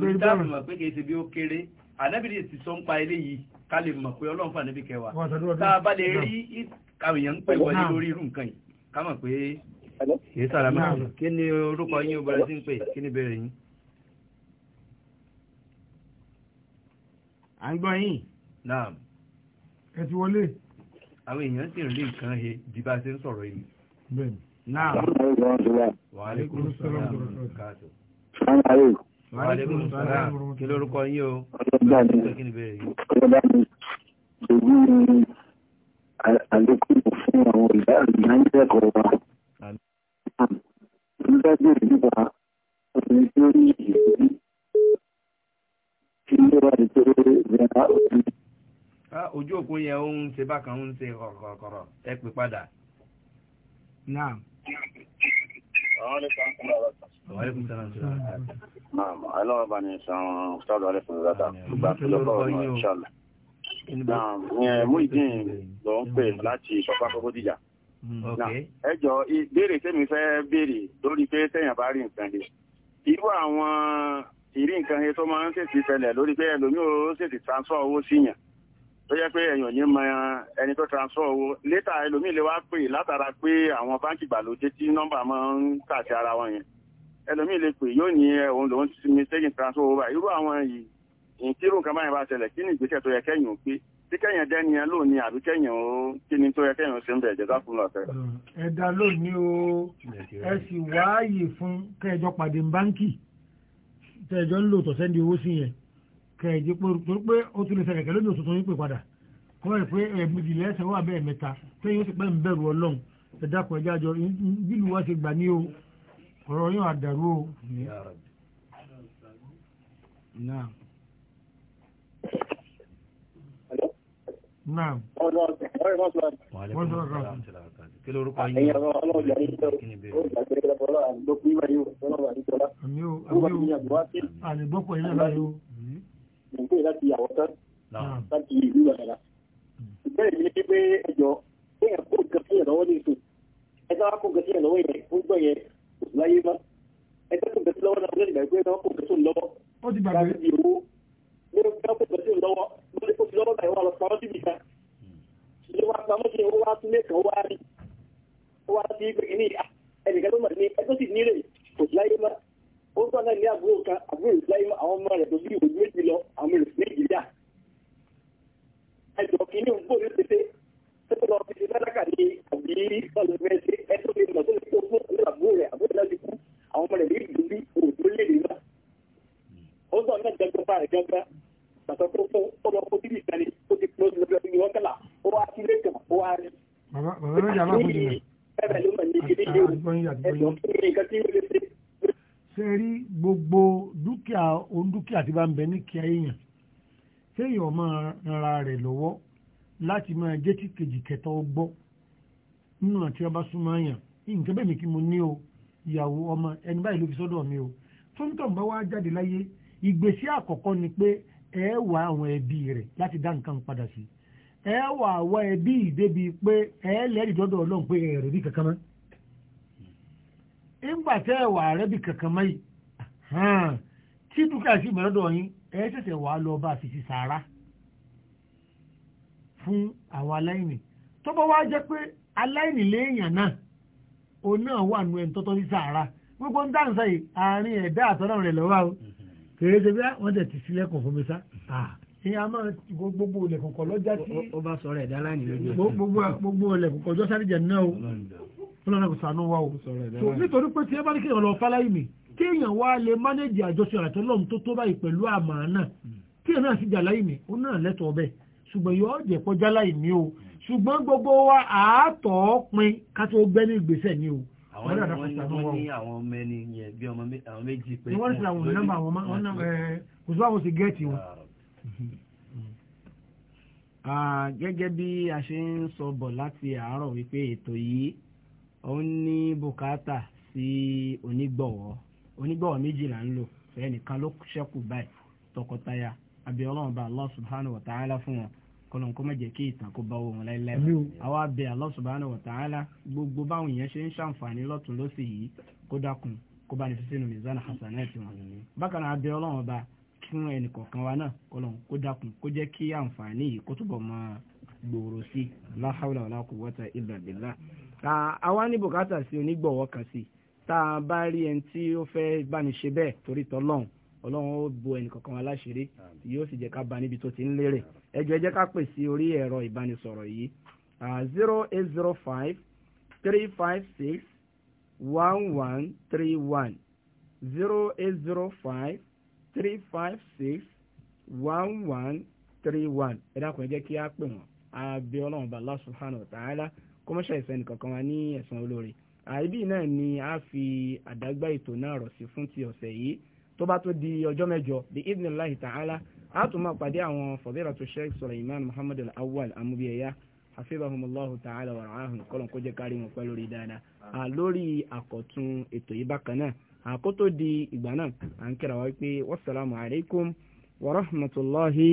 lórí dáàbò mọ̀ pé kì í ṣe bí ó kéré ànábìrì ti sọ ń pa eléyìí ká lè mọ̀ pé ọlọ́run fàánú bí kẹwàá. tá a bá lè rí àwòyàn ń pè wọlé lórí irú nǹkan yìí ká mọ̀ pé kì í sàrà mọ́ kí ni orúkọ yín obìnrin à ń gbọ́ yín. naam. ẹ ti wọlé. àwọn èèyàn sì ń rí nǹkan he bí bá ṣe ń sọ̀rọ̀ yìí. bẹ́ẹ̀ni. naam. wa alaikum salaam. wa alaikum salaam. kí lórúkọ yín o. ọlọ́dà mi èyí ni àlékún fún àwọn ìdá ìdánilẹ́kọ̀ọ́ wa. nígbà tí èyí wa obìnrin tó ní ìrírí kí ló wà ní pé ìrìnà òbí. ojú òpó yẹn ó ń ṣe bákan ó ń ṣe kọ̀rọ̀kọ̀rọ̀ ẹ pè padà. naam. Àlọ́wọ́ bá ní sàn Ṣáàdù Alẹ́fún Rádà, gbogbo àfẹ́lọ́pọ̀ ọ̀nà ìṣàlẹ̀. Mú ìdín lọ ń pè láti ìṣọ̀pá kókó dìjà. Ẹ jọ ìbéèrè tẹ́mi fẹ́ béèrè lórí pé tẹ́yàn bá rí nǹkan lè. Irú àwọn ìrí nǹkan yẹn tó máa ń tètè ṣẹlẹ̀ lórí pé ẹlòmíì ó tètè transfer owó sí yàn tó yẹ pé èèyàn ní mọ ẹni tó transfer owó létà ẹlòmíì lè wá pè látara pé àwọn báńkì ìgbàlódé tí nọ́mbà máa ń kà sí ara wọn yẹn ẹlòmíì lè pè yóò ní òun lòun ti mistake transfer owó báyìí irú àwọn yìí ìkírù nǹkan báyìí bá ṣẹlẹ̀ kí ni ìgbésẹ̀ tó yẹ kẹ́yìn ò pé tí kẹ́yìn dẹ́ni ẹ lónìí àbí kẹ́yìn ó kí ni tó yẹ kẹ́yìn ó ṣe ń bẹ̀ jẹ́ sáfún lọ́tẹ̀. ẹ̀dá lónìí o ẹ sì wáàyè fún kẹjọ pàdé báńkì tẹ̀jọ́ ń lò tọ̀sẹ́ ní owó sí yẹn kẹ̀jẹ́ pé torí pé ó tún lè ṣẹlẹ̀ kẹ́lẹ́ ní oṣù tó ń pè padà kọ́ ẹ̀ pé ẹ̀ẹ́dì lẹ́sẹ̀ wà bẹ́ẹ̀ mẹ́ta tẹ́yìn ó sì pẹ́ ń bẹ̀rù ọlọ́run ẹ̀dá kan ẹ̀já jọ bílù wá ṣe gbà ní o ọ̀rọ̀ yóò àdàrú o. Naam. Naam. Wọ́n sọ̀rọ̀ kan kí lórúkọ yín àlègbọ́pọ̀ yín náà yóò. Ìgbé hmm. láti ìyàwó tán láti ìlú Ìbàdàn. Ìbéèrè mi ni pé ẹjọ́ kéèyàn kó nǹkan sí ìrànlọ́wọ́ ní ìsìn. Ẹjọ́ wa kó nǹkan sí ìrànlọ́wọ́ yẹn fún gbọ́ yẹn kò sí láyé mọ́. Ẹjọ́ tó nǹkan sí lọ́wọ́ náà lórí ìgbàgbé náà kó nǹkan sí lọ́wọ́. Ó ti gbàgbé. Láti ìwú ní ó kó nǹkan sí lọ́wọ́ lórí kó sí lọ́wọ́ náà wà lọ ó wá sí pé kìíní ah, ẹnìkan ló mọ̀ ní ẹgbẹ́ sì nílẹ̀ kò sí láyé mọ́ ó tọ́ náà ní àbúrò kan àbúrò sí láyé mọ́ àwọn ọmọ rẹ̀ tó bí ìwòjú máa jẹ́ tí kejì kẹta ó gbọ́ nínú àti ọba súnmọ́ àyàn nǹkan bẹ́ẹ̀ mi kí mo ní o ìyàwó ọmọ ẹni báyìí ló fi sọ́dọ̀ mi o tó ń tàn bá wá jáde láyé ìgbésí àkọ́kọ́ ni pé ẹ wá àwọn ẹbí rẹ̀ láti dá nǹkan padà sí ẹ wá wá ẹbí ìdébi pé ẹ lẹ́rìí dọ́dọ̀ ọlọ́run pé ẹ bí kankan mọ́ ìgbà tẹ́ ẹ wà rẹ̀ bí kankan mọ́ yìí tí dúkìá sì mọ̀ lọ́dọ̀ yín ẹ ṣẹ̀ṣẹ̀ wà lọ bá a fi sí sàárà fún àwọn aláìní tó bá wá jẹ́ pé aláìní léèyàn náà òun náà wà nù ẹni tọ́tọ́ ní sàárà gbogbo ń dáǹsà yìí àárín ẹ̀dá àtọ́nà rẹ̀ lọ́wọ́ o kèrè ṣe bí wọ́n tẹ̀ ti sílẹ̀kùn fún mi sá ìyá máa gbogbo ilẹ̀kùn kọ̀ lọ́jà tí ó bá sọ̀rọ̀ ẹ̀dá láìní lójú gbogbo ilẹ̀kùn kọ̀ jọ́ sáré jẹ̀ náà o ọlọ́run kò sànú wa o nítorí pé tí ẹ bá ní kéèyàn lọ fáláyì mi kéèyàn wá lè mánéjì àjọṣe àtọ́lọ́run tó tó báyìí pẹ̀lú àmàánà kéèyàn náà sì jà láyì mi ó náà lẹ́tọ̀ọ́ bẹ́ẹ̀ ṣùgbọ́n yóò jẹ́ kọjá láì ní o ṣùgbọ́n gbogbo wa àátọ̀ pin ká tó gbẹ́ ní ìgbésẹ̀ ni o. àwọn ẹni wọ́n ní àwọn ọmọ ẹni yẹn bí ọmọ àwọn méjì pé. wọ́n ti àwọn nọ́mbà àwọn kò sí àwọn sì gẹ́ẹ̀tì wọn. Ah. Ah, gẹ́gẹ́ bí a ṣe ń sọ bọ̀ láti àárọ̀ wípé ètò yìí òun ní bùkátà sí onígbọ̀wọ́ onígbọ̀wọ́ méjì là ń lò ẹnìkan ló ṣẹ́kù báyìí tọkọtaya àbí ọlọ́run bá Allah subhanahu wa ta'ala fún wọn kọlọ́n kó má jẹ́ kí ìtàn kó bá wọn láéláé àwa bẹ̀ Allah subhanahu wa ta'ala gbogbo báwọn èèyàn ṣe ń ṣàǹfààní lọ́tún lọ́sì yìí kó dákun kó bá ní fi sínú mizan hasanati wọn bákan náà abẹ ọlọ́run ọba fún ẹnì kọ̀ọ̀kan wa náà kọlọ́n kó dákun kó jẹ́ kí àǹfààní yìí kó túbọ̀ máa gbòòrò sí la hawla wala quwwata illa billah a bá rí ẹni tí ó fẹ́ bá ní ṣe bẹ́ẹ̀ torí tọ́lọ́run ọlọ́run ó bo ẹnì kọ̀ọ̀kan wa láṣìírí yóò sì jẹ́ ká ba níbi tó ti ń lérè ẹ jọ̀ọ́ ẹ jẹ́ ká pè orí ẹ̀rọ ìbánisọ̀rọ̀ yìí zero eight zero five three five six one one three one zero eight zero five three five six one one three one ẹ dákun ẹ jẹ́ kí á pè wọ́n àbí ọlọ́run bá subhanahu wa ta'ala kọ́mọ́ṣẹ́ ìsẹ́ni kankan wa ní ẹ̀sán olóore àìbí náà ni a fi àdágbà ètò náà rọ̀ sí fún ti ọ̀sẹ̀ yìí tó bá tó di ọjọ́ mẹ́jọ bí idhnillahi ta'ala a tún máa pàdé àwọn fadilatu sheikh Suleiman Muhammad Al-Awwal amúbíyẹyà hafizahumullahu ta'ala wa rahun kọlọ̀ kó jẹ́ kárí wọn pẹ́ lórí dáadáa lórí àkọ́tún ètò yìí bákan náà àkótó di ìgbà náà à ń kíra wá pé wasalaamu alaykum wa rahmatulahi